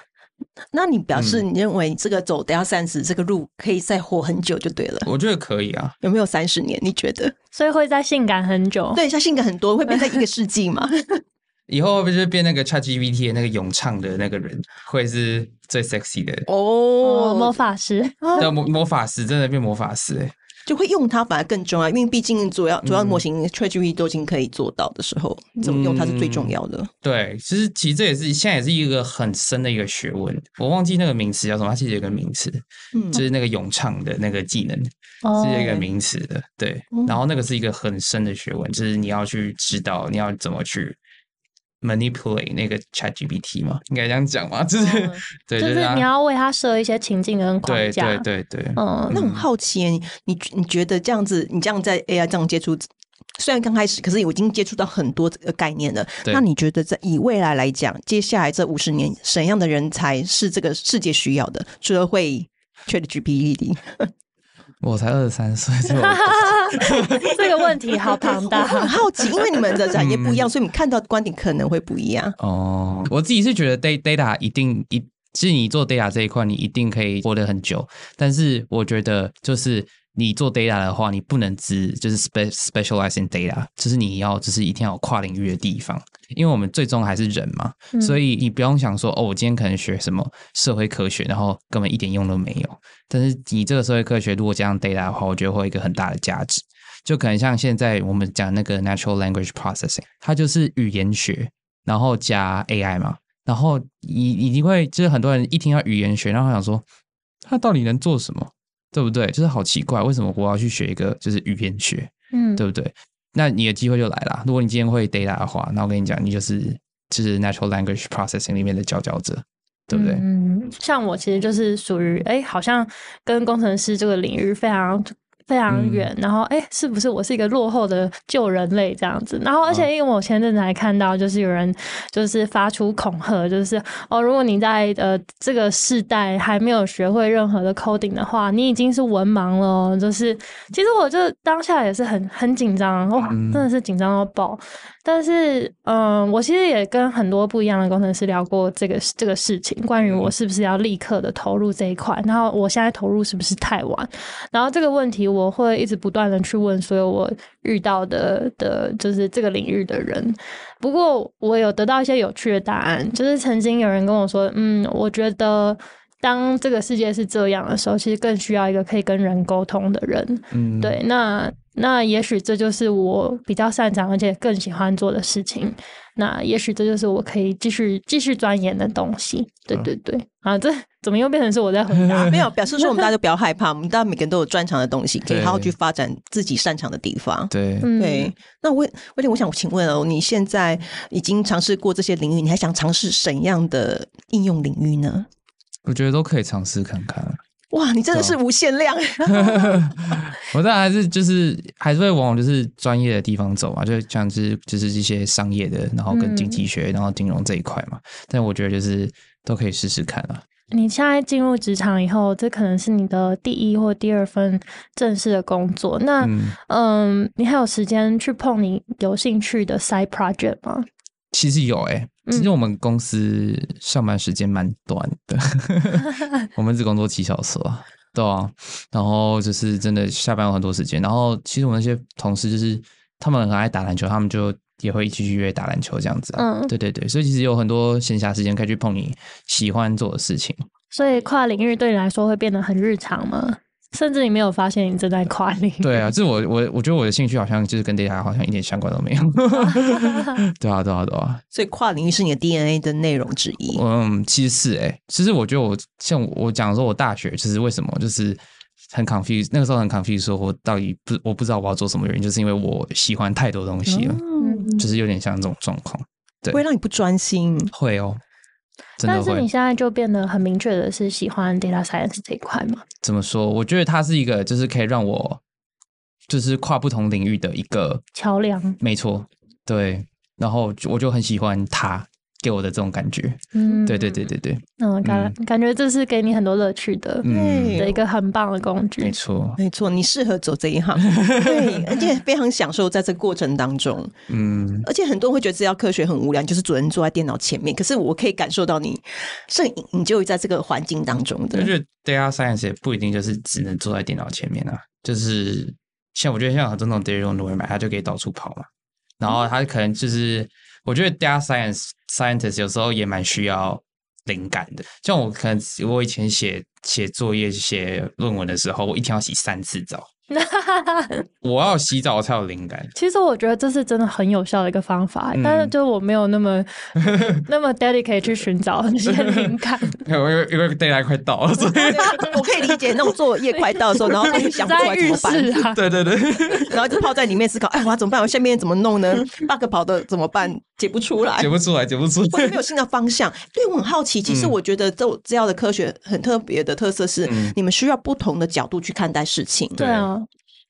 那你表示你認為這個走得要三十，嗯、這個路可以再活很久就對了？我覺得可以啊，有沒有三十年？你覺得？所以會再性感很久？對，像性感很多，會變成一個世紀嘛。 以後不就是變那個 ChatGPT 那個詠唱的那個人，會是最 sexy 的、oh，哦，魔法師。魔、啊、魔法師真的變魔法師就會用它反而更重要，因為畢竟主要主要模型 ChatGPT 都已經可以做到的時候，怎麼用它是最重要的。嗯、對，就是其實這也是現在也是一個很深的一個學問。我忘記那個名詞叫什麼，它其實有一個名詞，嗯、就是那個詠唱的那個技能，嗯、是一個名詞的。對，然後那個是一個很深的學問，嗯、就是你要去知道你要怎麼去。Manipulate 那個 ChatGPT 嗎？應該這樣講嗎？就是對，就是你要為它設一些情境跟框架。對對對對，對對對，嗯，那很好奇耶，你你覺得這樣子，你這樣在 AI 這樣接觸，雖然剛開始，可是我已經接觸到很多這個概念了。對那你覺得在以未來來講，接下來這五十年，什麼樣的人才是這個世界需要的？除了會 ChatGPT 的？ 我才二十三歲， 這個問題好龐大， 很好奇，因為你們的產業不一樣，所以你們看到的觀點可能會不一樣。嗯、哦，我自己是覺得 data data 一定一，是你做 data 這一塊，你一定可以活得很久。但是我覺得就是。你做 data 的話，你不能只就是 spe, specialize in data，就是你要就是一定要有跨領域的地方，因為我們最終還是人嘛，嗯、所以你不用想說哦，我今天可能學什麼社會科學，然後根本一點用都沒有。但是你這個社會科學如果加上 data 的話，我覺得會有一個很大的價值。就可能像現在我們講那個 natural language processing，它就是語言學，然後加 AI 嘛，然後你，你會，就是很多人一聽到語言學，然後想說它到底能做什麼？對不對？就是好奇怪，為什麼我要去學一個就是語言學？嗯，對不對？那你的機會就來了。如果你今天會 data 的話，那我跟你講，你就是就是 natural language processing 裡面的佼佼者，對不對？嗯，像我其實就是屬於，哎，好像跟工程師這個領域非常，非常遠，然後哎、欸，是不是我是一個落後的舊人類這樣子？然後而且因為我前陣子還看到，就是有人就是發出恐嚇，就是哦，如果你在呃這個世代還沒有學會任何的 coding 的話，你已經是文盲了。就是其實我就當下也是很很緊張哇，真的是緊張到爆。但是嗯、呃，我其實也跟很多不一樣的工程師聊過這個這個事情，關於我是不是要立刻的投入這一塊，然後我現在投入是不是太晚？然後這個問題我。我會一直不斷的去問所有我遇到的的，就是這個領域的人。不過我有得到一些有趣的答案，就是曾經有人跟我說，嗯，我覺得當這個世界是這樣的時候，其實更需要一個可以跟人溝通的人。嗯，對，那那也許這就是我比較擅長而且更喜歡做的事情。那也許這就是我可以繼續繼續鑽研的東西，對對對。啊，啊，這怎麼又變成是我在回答？ 沒有，表示說我們大家不要害怕，我們大家每個人都有專長的東西，可以好好去發展自己擅長的地方。對對、嗯、對，那我，我想請問哦，你現在已經嘗試過這些領域，你還想嘗試什麼樣的應用領域呢？我覺得都可以嘗試看看。哇，你真的是無限量！對啊、 我當然還是就是還是會往就是專業的地方走啊，就是像是就是一些商業的，然後跟經濟學，然後金融這一塊嘛。嗯、但我覺得就是都可以試試看啊。你現在進入職場以後，這可能是你的第一或第二份正式的工作。那嗯，嗯，你還有時間去碰你有興趣的 side project 嗎？其實有誒、欸，其實我們公司上班時間蠻短的， 我們只工作七小時啊，對啊，然後就是真的下班有很多時間。然後其實我那些同事就是他們很愛打籃球，他們就也會一起去約打籃球這樣子、啊。嗯，對對對，所以其實有很多閒暇時間可以去碰你喜歡做的事情。所以跨領域對你來說會變得很日常嗎？甚至你沒有發現你正在跨領域。對啊，這、就是、我我我覺得我的興趣好像就是跟大家好像一點相關都沒有。 對啊，對啊，對啊。所以跨領域是你的 DNA 的內容之一。嗯，其實是哎、欸，其實我覺得我像我講說，我,講的時候我大學其實、就是、為什麼就是很 confuse 那個時候很 confused，說我到底不我不知道我要做什麼，原因就是因為我喜歡太多東西了，哦、就是有點像這種狀況。對，不會讓你不專心，會哦。但是你現在就變得很明確的是喜歡 data science 這一塊嗎？怎麼說？我覺得它是一個，就是可以讓我，就是跨不同領域的一個橋樑。沒錯，對。然後我就很喜歡它。給我的這種感覺，嗯，對對對對對，哦、嗯，感感覺這是給你很多樂趣的，嗯、的一個很棒的工具，沒錯錯沒錯，你適合走這一行， 對，而且非常享受在這個過程當中，嗯，而且很多人會覺得資料科學很無聊，就是只能坐在電腦前面，可是我可以感受到你，所以你就在這個環境當中的，而且、嗯、data science 也不一定就是只能坐在電腦前面啊，就是像我覺得像這種 data 用的會買，它就可以到處跑嘛，然後它可能就是。嗯我覺得 data science scientist 有時候也蠻需要靈感的，像我可能我以前寫寫作業、寫論文的時候，我一天要洗三次澡。我要洗澡才有靈感。其實我覺得這是真的很有效的一個方法，但是就我沒有那麼那麼 dedicate 去尋找那些靈感。因為 deadline 快到了，我可以理解那種作業快到的時候，然後突然想不出來怎麼辦？對對對，然後就泡在裡面思考。哎，我要怎麼辦？我下面怎麼弄呢？bug 跑的怎麼辦？解不出來，解不出來，解不出來。也沒有新的方向？對我很好奇。其實我覺得這這樣的科學很特別的特色是，你們需要不同的角度去看待事情。對啊。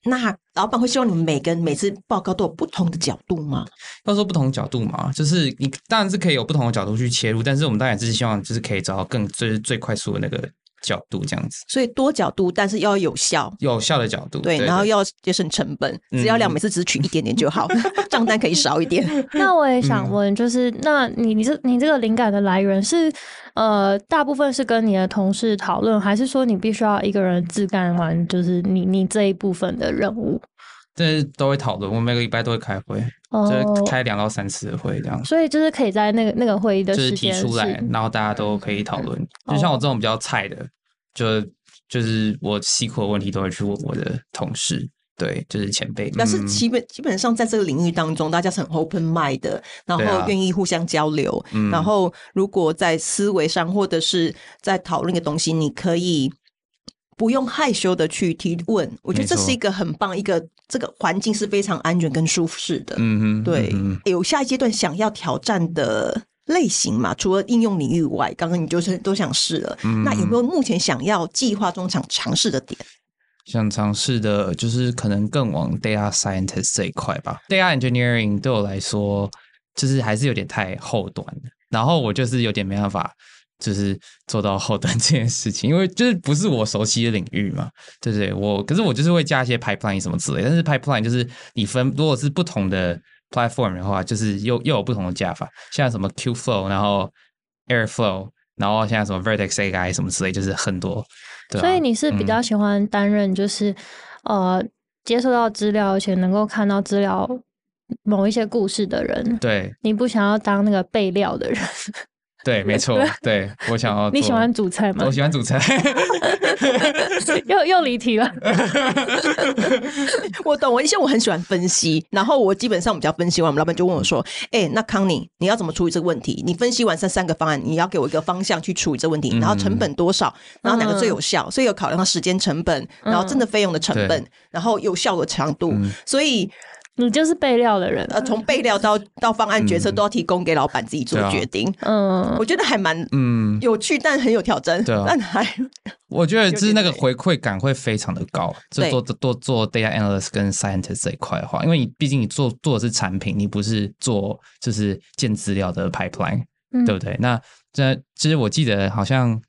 那老闆會希望你們每個人每次報告都有不同的角度嗎？到時候不同角度嘛，就是你當然是可以有不同的角度去切入，但是我們當然只是希望，就是可以找到更最最快速的那個。角度這樣子，所以多角度，但是要有效，有效的角度，對，對對對，然後要節省成本，資料量每次只取一點點就好， 賬單可以少一點。 那我也想問，就是那你你這你這個靈感的來源是，呃，大部分是跟你的同事討論，還是說你必須要一個人自乾完，就是你你這一部分的任務？對，都會討論，我每個禮拜都會開會。就是開兩到三次的會這樣，所以就是可以在那個那個會議的，就是提出來，然後大家都可以討論。就像我這種比較菜的，就就是我細苦的問題都會去問我的同事，對，就是前輩、嗯。但是基本基本上在這個領域當中，大家是很 open mind 的，然後願意互相交流。然後如果在思維上或者是在討論一個東西，你可以。不用害羞的去提問，我覺得這是一個很棒一個錯這個環境是非常安全跟舒適的。嗯嗯哼，對，有、嗯、哼下一階段想要挑戰的類型嘛？除了應用領域外，剛剛你就是都想試了。嗯、哼那有沒有目前想要計劃中想嘗試的點？想嘗試的就是可能更往 Data Scientist 這一塊吧。Data engineering 對我來說就是還是有點太後端的，然後我就是有點沒辦法，就是做到後端這件事情，因為就是不是我熟悉的領域嘛，對不對，對？我可是我就是會加一些 pipeline 什麼之類，但是 pipeline 就是你分如果是不同的 platform 的話，就是又又有不同的加法，像什麼 Q flow，然後 Air flow，然後像什麼 Vertex AI 什麼之類，就是很多。對啊、所以你是比較喜歡擔任就是、嗯、呃，接受到資料，而且能夠看到資料某一些故事的人。對，你不想要當那個備料的人。 對，沒錯，對我想要。你喜歡煮菜嗎？我喜歡煮菜 又，又又離題了。 我懂，我以前我很喜歡分析，然後我基本上我比較要分析完，我們老板就問我說：“哎、欸，那康妮，你要怎麼處理這個問題？你分析完這三個方案，你要給我一個方向去處理這個問題，然後成本多少，然後哪個最有效？嗯、所以有考量到時間成本，然後真的費用的成本，嗯、然後有效的強度，嗯、所以。”你就是備料的人，啊、呃，從備料到到方案決策、嗯、都要提供給老板自己做決定。嗯、啊，我覺得還蠻嗯有趣，但很有挑戰。對、啊，但還我覺得就是那個回饋感會非常的高。就，對就做做做 data analyst 跟 scientist 這一塊的話，對 因為你畢竟你做做的是產品，你不是做就是建資料的 pipeline，嗯、對不對？那那其實我記得好像。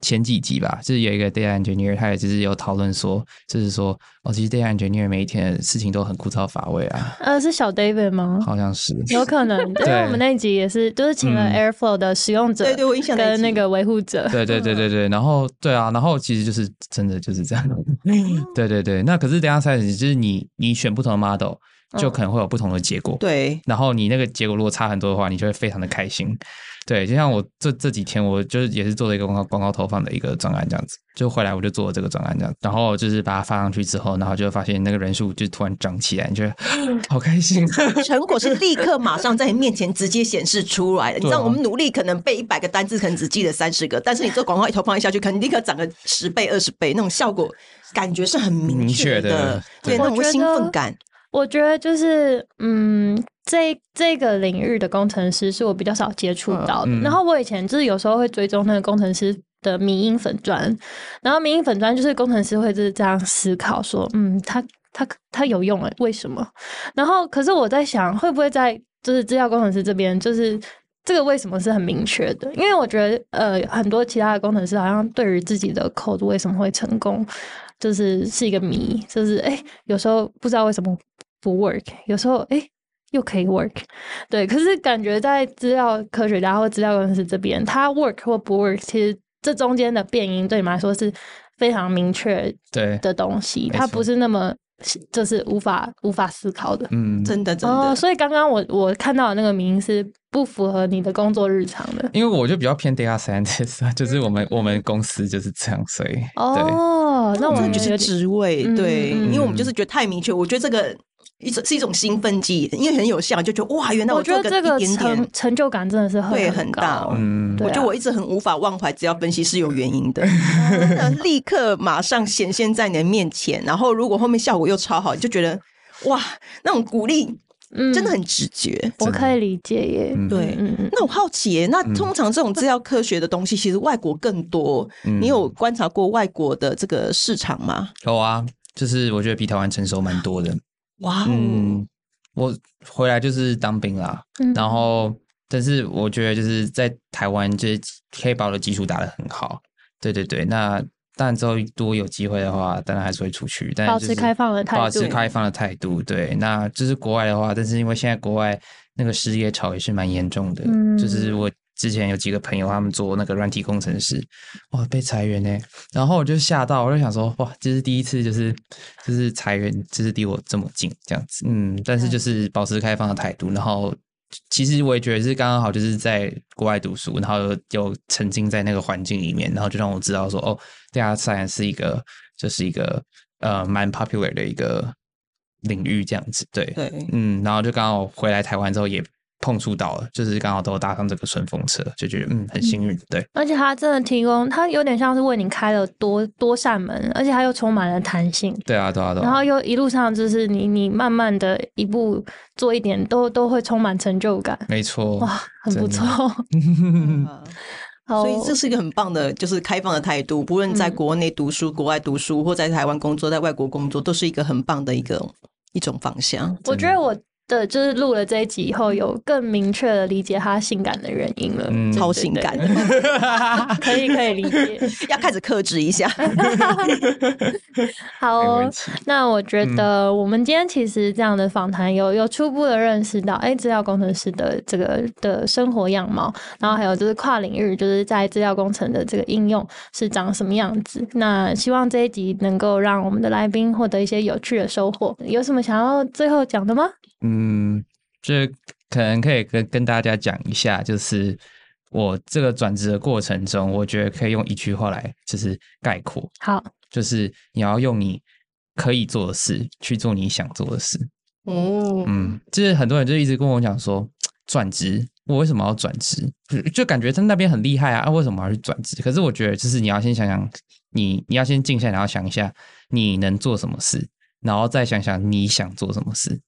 前幾集吧，就是有一個 data engineer，他也就是有討論說，就是說，哦，其實 data engineer 每一天的事情都很枯燥乏味啊。呃，是小 David 嗎？好像是，有可能。對， 我們那一集也是，就是請了 Airflow 的使用者，者、嗯，對對，我印象那跟那個維護者。對對對對對，嗯、然後對啊，然後其實就是真的就是這樣。嗯、 對對對，那可是 data science，就是你你選不同的 model。就可能會有不同的結果。嗯，對，然後你那個結果如果差很多的話，你就會非常的開心。對，就像我這這幾天，我就是也是做了一個廣告廣告投放的一個專案，這樣子，就回來我就做了這個專案這樣子，然後就是把它發上去之後，然後就發現那個人數就突然漲起來，你就好開心。 成果是立刻馬上在你面前直接顯示出來的， 你知道，我們努力可能背一百個單字，可能只記得三十個，但是你做廣告一投放一下去，可能立刻漲個十倍、二十倍，那種效果感覺是很明確的，確的，對，那種興奮感。對對我覺得就是，嗯，這這個領域的工程師是我比較少接觸到的。嗯、然後我以前就是有時候會追蹤那個工程師的迷因粉專，然後迷因粉專就是工程師會就是這樣思考說，嗯，他他他有用哎、欸，為什麼？然後可是我在想，會不會在就是製藥工程師這邊，就是這個為什麼是很明確的？因為我覺得，呃，很多其他的工程師好像對於自己的 code 為什麼會成功，就是是一個謎，就是哎，有時候不知道為什麼。不 work，有時候哎、欸，又可以 work，對。可是感覺在資料科學家或資料公司這邊，它 work 或不 work，其實這中間的變因對你們來說是非常明確對的東西，它不是那麼就是無法無法思考的。嗯，oh, 真的真的。所以剛剛我我看到的那個名字是不符合你的工作日常的，因為我就比較偏 data scientist，就是我們 我們公司就是這樣，所以哦，oh, 對那我們覺得職位、嗯、對，嗯、因為我們就是覺得太明確，嗯、我覺得這個。一種是一種興奮劑，因為很有效，就覺得哇！原來我覺得這個成成就感真的是會很大。嗯，對，我覺得我一直很無法忘懷。只要分析是有原因的，立刻馬上顯現在你的面前。然後，如果後面效果又超好，就覺得哇，那種鼓勵，嗯，真的很直覺。我可以理解耶。對，那我好奇耶。那通常這種資料科學的東西，其實外國更多。你有觀察過外國的這個市場嗎？有啊，就是我覺得比台灣成熟蠻多的。哇，Wow 嗯，我回來就是當兵啦，嗯、然後，但是我覺得就是在台灣就是可以把我的基礎打得很好，對對對，那當然之後如果有機會的話，當然還是會出去，但是、就是、保持開放的態度，保持開放的態度，對，那就是國外的話，但是因為現在國外那個失業潮也是蠻嚴重的，嗯、就是我。之前有幾個朋友，他們做那個軟體工程師，哇，被裁員呢、欸。然後我就嚇到，我就想說，哇，這是第一次，就是就是裁員，就是離我這麼近這樣子。嗯，但是就是保持開放的態度。然後其實我也覺得是剛剛好，就是在國外讀書，然後又沉浸在那個環境裡面，然後就讓我知道說，哦，data science 是一個，就是一個呃蠻 popular 的一個領域這樣子。對，對嗯，然後就剛好回來台灣之後也。碰觸到了，就是剛好都搭上這個順風車，就覺得嗯很幸運，對。而且它真的提供，它有點像是為你開了多多扇門，而且它又充滿了彈性。對啊，對啊，對。然後又一路上就是你你慢慢的一步做一點都，都都會充滿成就感。沒錯，哇，很不錯。所以這是一個很棒的，就是開放的態度，不論在國內讀書、嗯、國外讀書，或在台灣工作、在外國工作，都是一個很棒的一個一種方向。我覺得我。對，就是錄了這一集以後，有更明確的理解他性感的原因了。超性感， 可以可以理解， 要開始克制一下。 好、哦，那我覺得我們今天其實這樣的訪談，有、嗯、有初步的認識到，哎、欸，資料工程師的這個的生活樣貌，然後還有就是跨領域，就是在資料工程的這個應用是長什麼樣子。那希望這一集能夠讓我們的來賓獲得一些有趣的收穫。有什麼想要最後講的嗎？嗯，就可能可以跟跟大家講一下，就是我這個轉職的過程中，我覺得可以用一句話來就是概括。好，就是你要用你可以做的事去做你想做的事。哦，嗯，嗯，就是很多人就一直跟我講說轉職，我為什麼要轉職？就感覺他那邊很厲害啊，啊，為什麼要去轉職？可是我覺得，就是你要先想想你，你要先靜下來，然後想一下你能做什麼事，然後再想想你想做什麼事。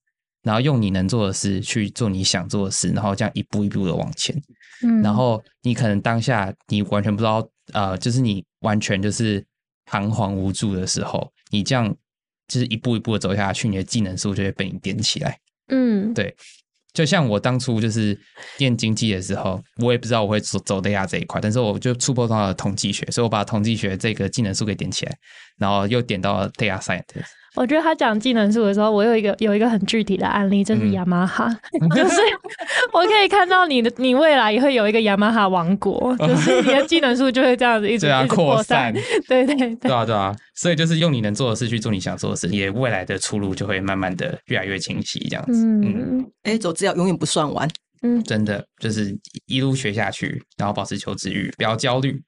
然後用你能做的事去做你想做的事，然後這樣一步一步的往前。嗯，然後你可能當下你完全不知道，呃，就是你完全就是彷徨無助的時候，你這樣就是一步一步的走下去，你的技能樹就會被你點起來。嗯，對，就像我當初就是念經濟的時候，我也不知道我會走走 data 這一塊，但是我就觸碰到了統計學，所以我把統計學這個技能樹給點起來，然後又點到 data science。我覺得他講技能樹的時候，我有一個有一個很具體的案例，就是雅馬哈，就是我可以看到你的你未來也會有一個雅馬哈王國，就是你的技能樹就會這樣子一直擴、啊、散，擴散對對對，對，對啊對啊，所以就是用你能做的事去做你想做的事，你的未來的出路就會慢慢的越來越清晰這樣子。嗯，哎，走職涯永遠不算完，嗯，真的就是一路學下去，然後保持求知慾，不要焦慮。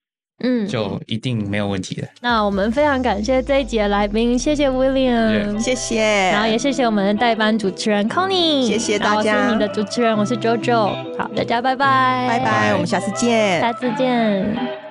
嗯，就一定沒有問題的。那我們非常感謝這一集的來賓，謝謝 William，Yeah. 謝謝，然後也謝謝我們的代班主持人 Connie，謝謝大家。我是你的主持人，我是 JoJo，jo 好，大家拜拜，拜拜，拜拜，我們下次見，下次見。